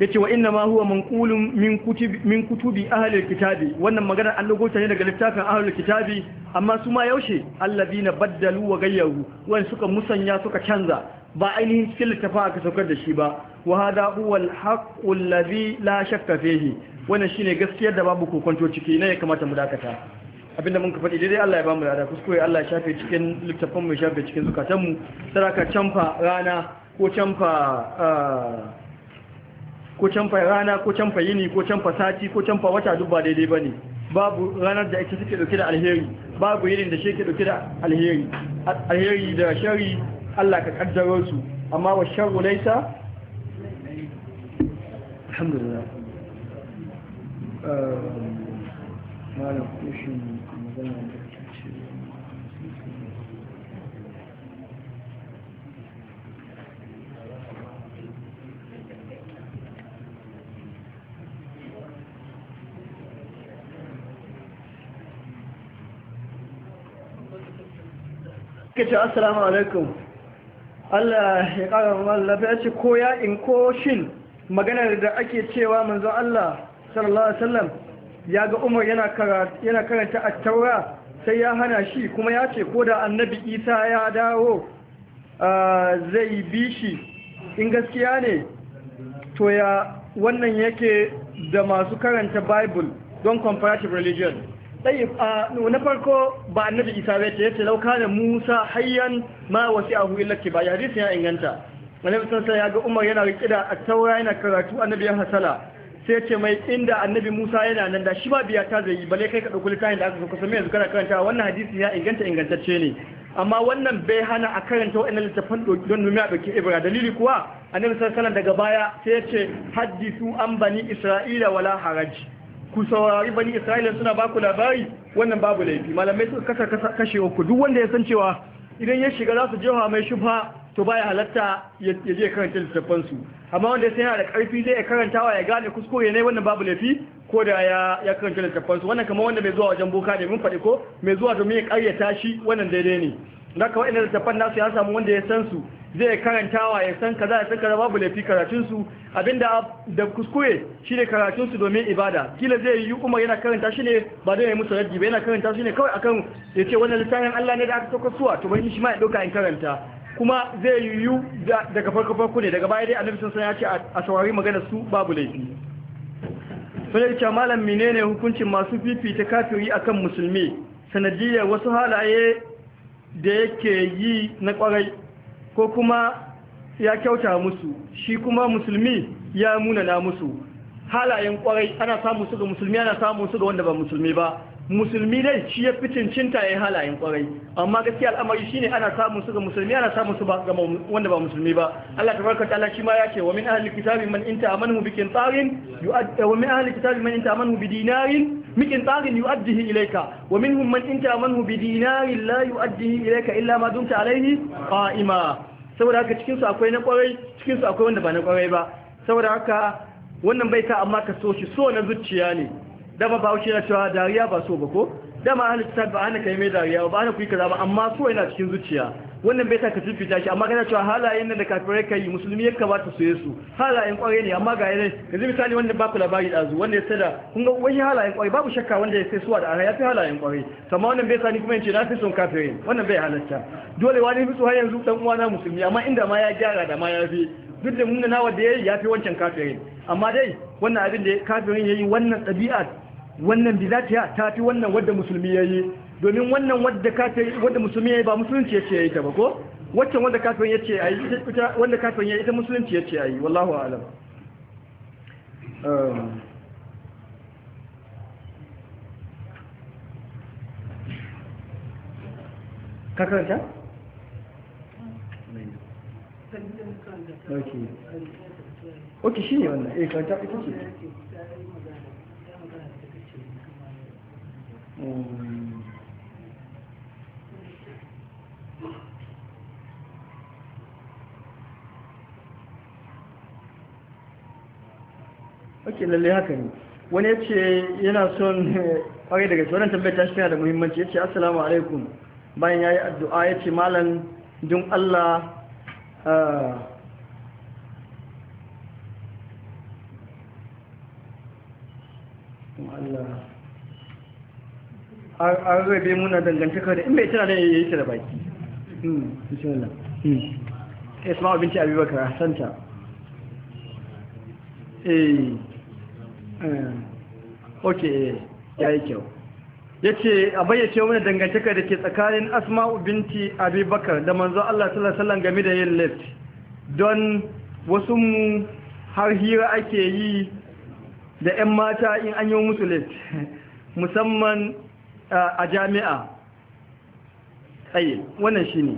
yace wa inna ma huwa manqulun min kutubi min kitabi wannan magana an dago ne daga littafin ahlil kitabi amma su ma yaushe na baddalu wa gayyaru wani suka musanya suka canza ba ainihin cikin littafin aka saukar da shi ba wa hada huwa alhaqqu la shakka fihi wannan shine gaskiyar da babu kokonto ciki ne ya kamata mu dakata abinda mun ka faɗi daidai Allah ya bamu da kuskure Allah ya shafe cikin littafin mu shafe cikin zukatanmu saraka canfa rana ko canfa ah, ko canfa rana ko canfa yini ko canfa sati ko canfa wata duk ba daidai bane babu ranar da ake suke dauke da alheri babu yinin da shi ke dauke da alheri alheri da shari Allah ka kaddaro su amma wa sharru laisa. alhamdulillah malam kushin magana suka ce asalamu alaikum Allah ya ƙara wallafa ya ce ko ya in ko shin maganar da ake cewa manzon Allah sallallahu alaihi wasallam ya ga Umar yana karanta at taura sai ya hana shi kuma ya ce ko da annabi Isa ya dawo zai bi shi in gaskiya ne to ya wannan yake da masu karanta Bible don comparative religion tsayi farko ba annabi isa bai ce yace lauka da musa hayyan ma wasi ahu illa ba ya hadisi ya inganta annabi sallallahu ya ga umar yana rike da taura yana karatu annabi ya hasala sai ya ce mai inda annabi musa yana nan da shi ba biya ta zai bale kai ka ɗauki littafin da aka kusa mai yanzu kana karanta wannan hadisi ya inganta ingantacce ne amma wannan bai hana a karanta wa'annan littafan don numi a ɗauki ibra dalili kuwa annabi sallallahu daga baya sai ya ce haddisu an bani isra'ila wala haraji ku saurari bani isra'ila suna baku labari wannan babu laifi malamai suka kasa kashe ku duk wanda ya san cewa idan ya shiga za su jefa mai shubha to baya halatta ya je karanta littattafan su amma wanda sai yana da karfi zai ya wa ya gane kuskure ne wannan babu laifi ko da ya ya karanta littattafan su wannan kamar wanda mai zuwa wajen boka ne mun faɗi ko mai zuwa domin ya karyata shi wannan daidai ne haka wa'annan littattafan nasu ya samu wanda ya san su zai karantawa ya san kaza ya san kaza babu laifi karatunsu abinda da kuskure shi ne karatunsu domin ibada kila zai yi umar yana karanta shi ne ba don ya musu raddi ba yana karanta shi ne kawai akan ya ce wannan littafin Allah ne da aka sauka suwa to bari shi ma ya ɗauka in karanta kuma zai yiwu daga farko farko ne daga baya dai annabi sun san ya ce a saurari magana su babu laifi sun yi ce malam menene hukuncin masu fifita kafiri akan musulmi sanadiyar wasu halaye da yake yi na kwarai ko kuma ya kyauta musu shi kuma musulmi ya munana musu halayen kwarai ana samun su ga musulmi ana samun su ga wanda ba musulmi ba musulmi dai shi ya fitin cinta ya halayen kwarai amma gaskiya al'amari shi ne ana samun su ga musulmi ana samun su ga wanda ba musulmi ba Allah ta tabaraka ta'ala shi ma ya ce wa min ahli kitabi man inta amanu bi qintarin yu'addi eh, wa min ahli kitabi man inta amanu bi dinarin bi qintarin yu'addihi ilayka wa minhum man inta amanu bi dinarin la yu'addihi ilayka illa ma dumta alayhi qa'ima saboda haka cikin su akwai na kwarai cikin su akwai wanda ba na kwarai ba saboda haka wannan bai ta amma ka so shi so na zuciya ne dama ba wuce na cewa dariya ba so ba ko dama ahli kitab ba ana kai mai dariya ba ana kuyi kaza ba amma so yana cikin zuciya wannan bai ta ka fita shi amma kana cewa halayen nan da kafirai kai musulmi ya kamata su yesu halayen kwarai ne amma ga yanzu yanzu misali wanda ba ku labari dazu wanda ya sada kun ga wani halayen kwarai babu shakka wanda ya sai suwa da ara ya fi halayen kwarai amma wannan bai sani kuma yace na fi son kafirin wannan bai halatta dole wani fi so har yanzu dan uwana musulmi amma inda ma ya gyara da ma ya fi duk da mun nawa da yayi ya fi wancan kafirai amma dai wannan abin da kafirin yayi wannan ɗabi'a wannan za ta fi wannan wadda musulmi ya yi domin wannan wadda wadda musulmi ya yi ba musulunci ya ce ya yi ta ba ko waccan wadda kafin ya ce a yi ita wadda kafin ya yi ita musulunci ya ce a yi wallahu alam um, ka karanta? ok ok shi ne wannan eh karanta ita ce Mm. ok lalle haka ne wani ya ce yana son kwarai daga tsoron tambayar ta yana da muhimmanci ya ce assalamu alaikum bayan ya yi addu'a ya ce malam Dun allah ah, Allah an rabe muna dangantaka da in bai tana da ya yi ta da baki hmm, bismillah hmm. eh, isma abinci abubakar hasanta eh, eh ok eh, ya yi kyau ya ce a bayyace wani dangantaka da ke tsakanin asma'u binti abubakar da manzo Allah sallallahu game da yin lift don wasu mu har hira ake yi da 'yan mata in an yi musu lift musamman a jami'a tsaye wannan shi ne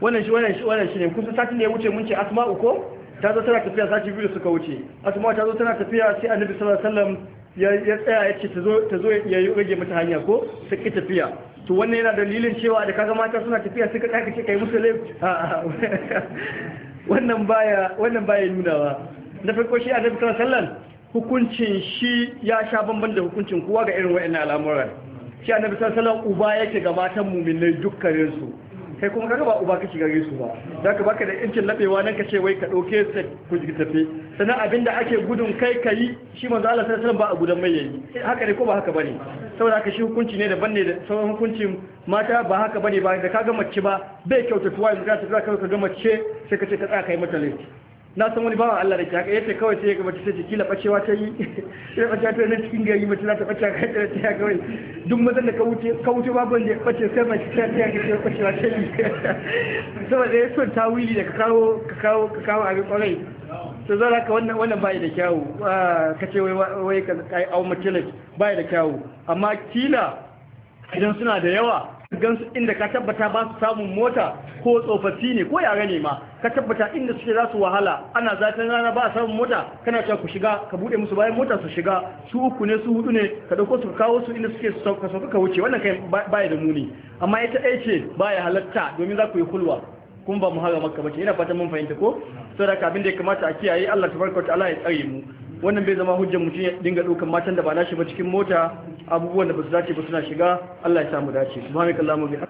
wannan shi wannan shi ne kusa satin da ya wuce mun ce asma'u ko ta zo tana tafiya sati biyu suka wuce asma'u ta zo tana tafiya sai annabi sallallahu alaihi wasallam ya tsaya ya ce ta zo ya rage mata hanya ko ta ki tafiya to wannan yana dalilin cewa da kaga mata suna tafiya suka tsaka ce kai musu laifi wannan baya wannan baya nunawa na farko shi annabi sallallahu alaihi wasallam hukuncin shi ya sha bamban da hukuncin kowa ga irin wa'annan al'amuran shi annabi sallallahu uba yake ga matan mu'minai dukkanin su kai kuma kaga ba uba kake gare su ba zaka baka da incin labewa nan ce wai ka dauke su ku ji tafi sannan abinda ake gudun kai kai shi manzo Allah sallallahu alaihi ba a gudan mai yayi eh, haka ne ko ba haka bane saboda haka shi hukunci ne daban ne da sauran hukuncin mata ba haka bane ba da kaga mace ba bai kyautatuwa in ka ta kaga mace sai kace ka tsaya kai mata laifi na san wani bawan Allah da ke haka yace kawai sai ga mace sai kila bacewa ta yi sai bacewa ta yi cikin gari mace za ta bace ka ta ta kawai duk mazan da ka wuce ka wuce babu wanda ya bace sai mace ta ta ga bacewa ta yi saboda ya son tawili da ka kawo ka kawo ka kawo abin kwarai to zara ka wannan wannan bai da kyawu ah, ka ce wai wai ka kai au mace bai da kyawu amma kila idan suna da yawa gansu inda ka tabbata ba su samun mota ko tsofaffi ne ko yare ne ma ka tabbata inda suke za su wahala ana zafin rana ba a samun mota kana cewa ku shiga ka bude musu bayan mota su shiga su uku ne su hudu ne ka dauko su kawo su inda suke sauka sauka ka wuce wannan kai baya da muni amma ita ɗaya ce baya halatta domin za ku yi kulwa kuma ba mu haga makka bace ina fatan mun fahimta ko saboda abin da ya kamata a kiyaye Allah tabaraka wa ya tsare mu wannan bai zama hujjar mutum ya dinga ɗaukan matan da ba nashi ba cikin mota abubuwan da ba su dace ba suna shiga Allah ya samu dace subhanakallahumma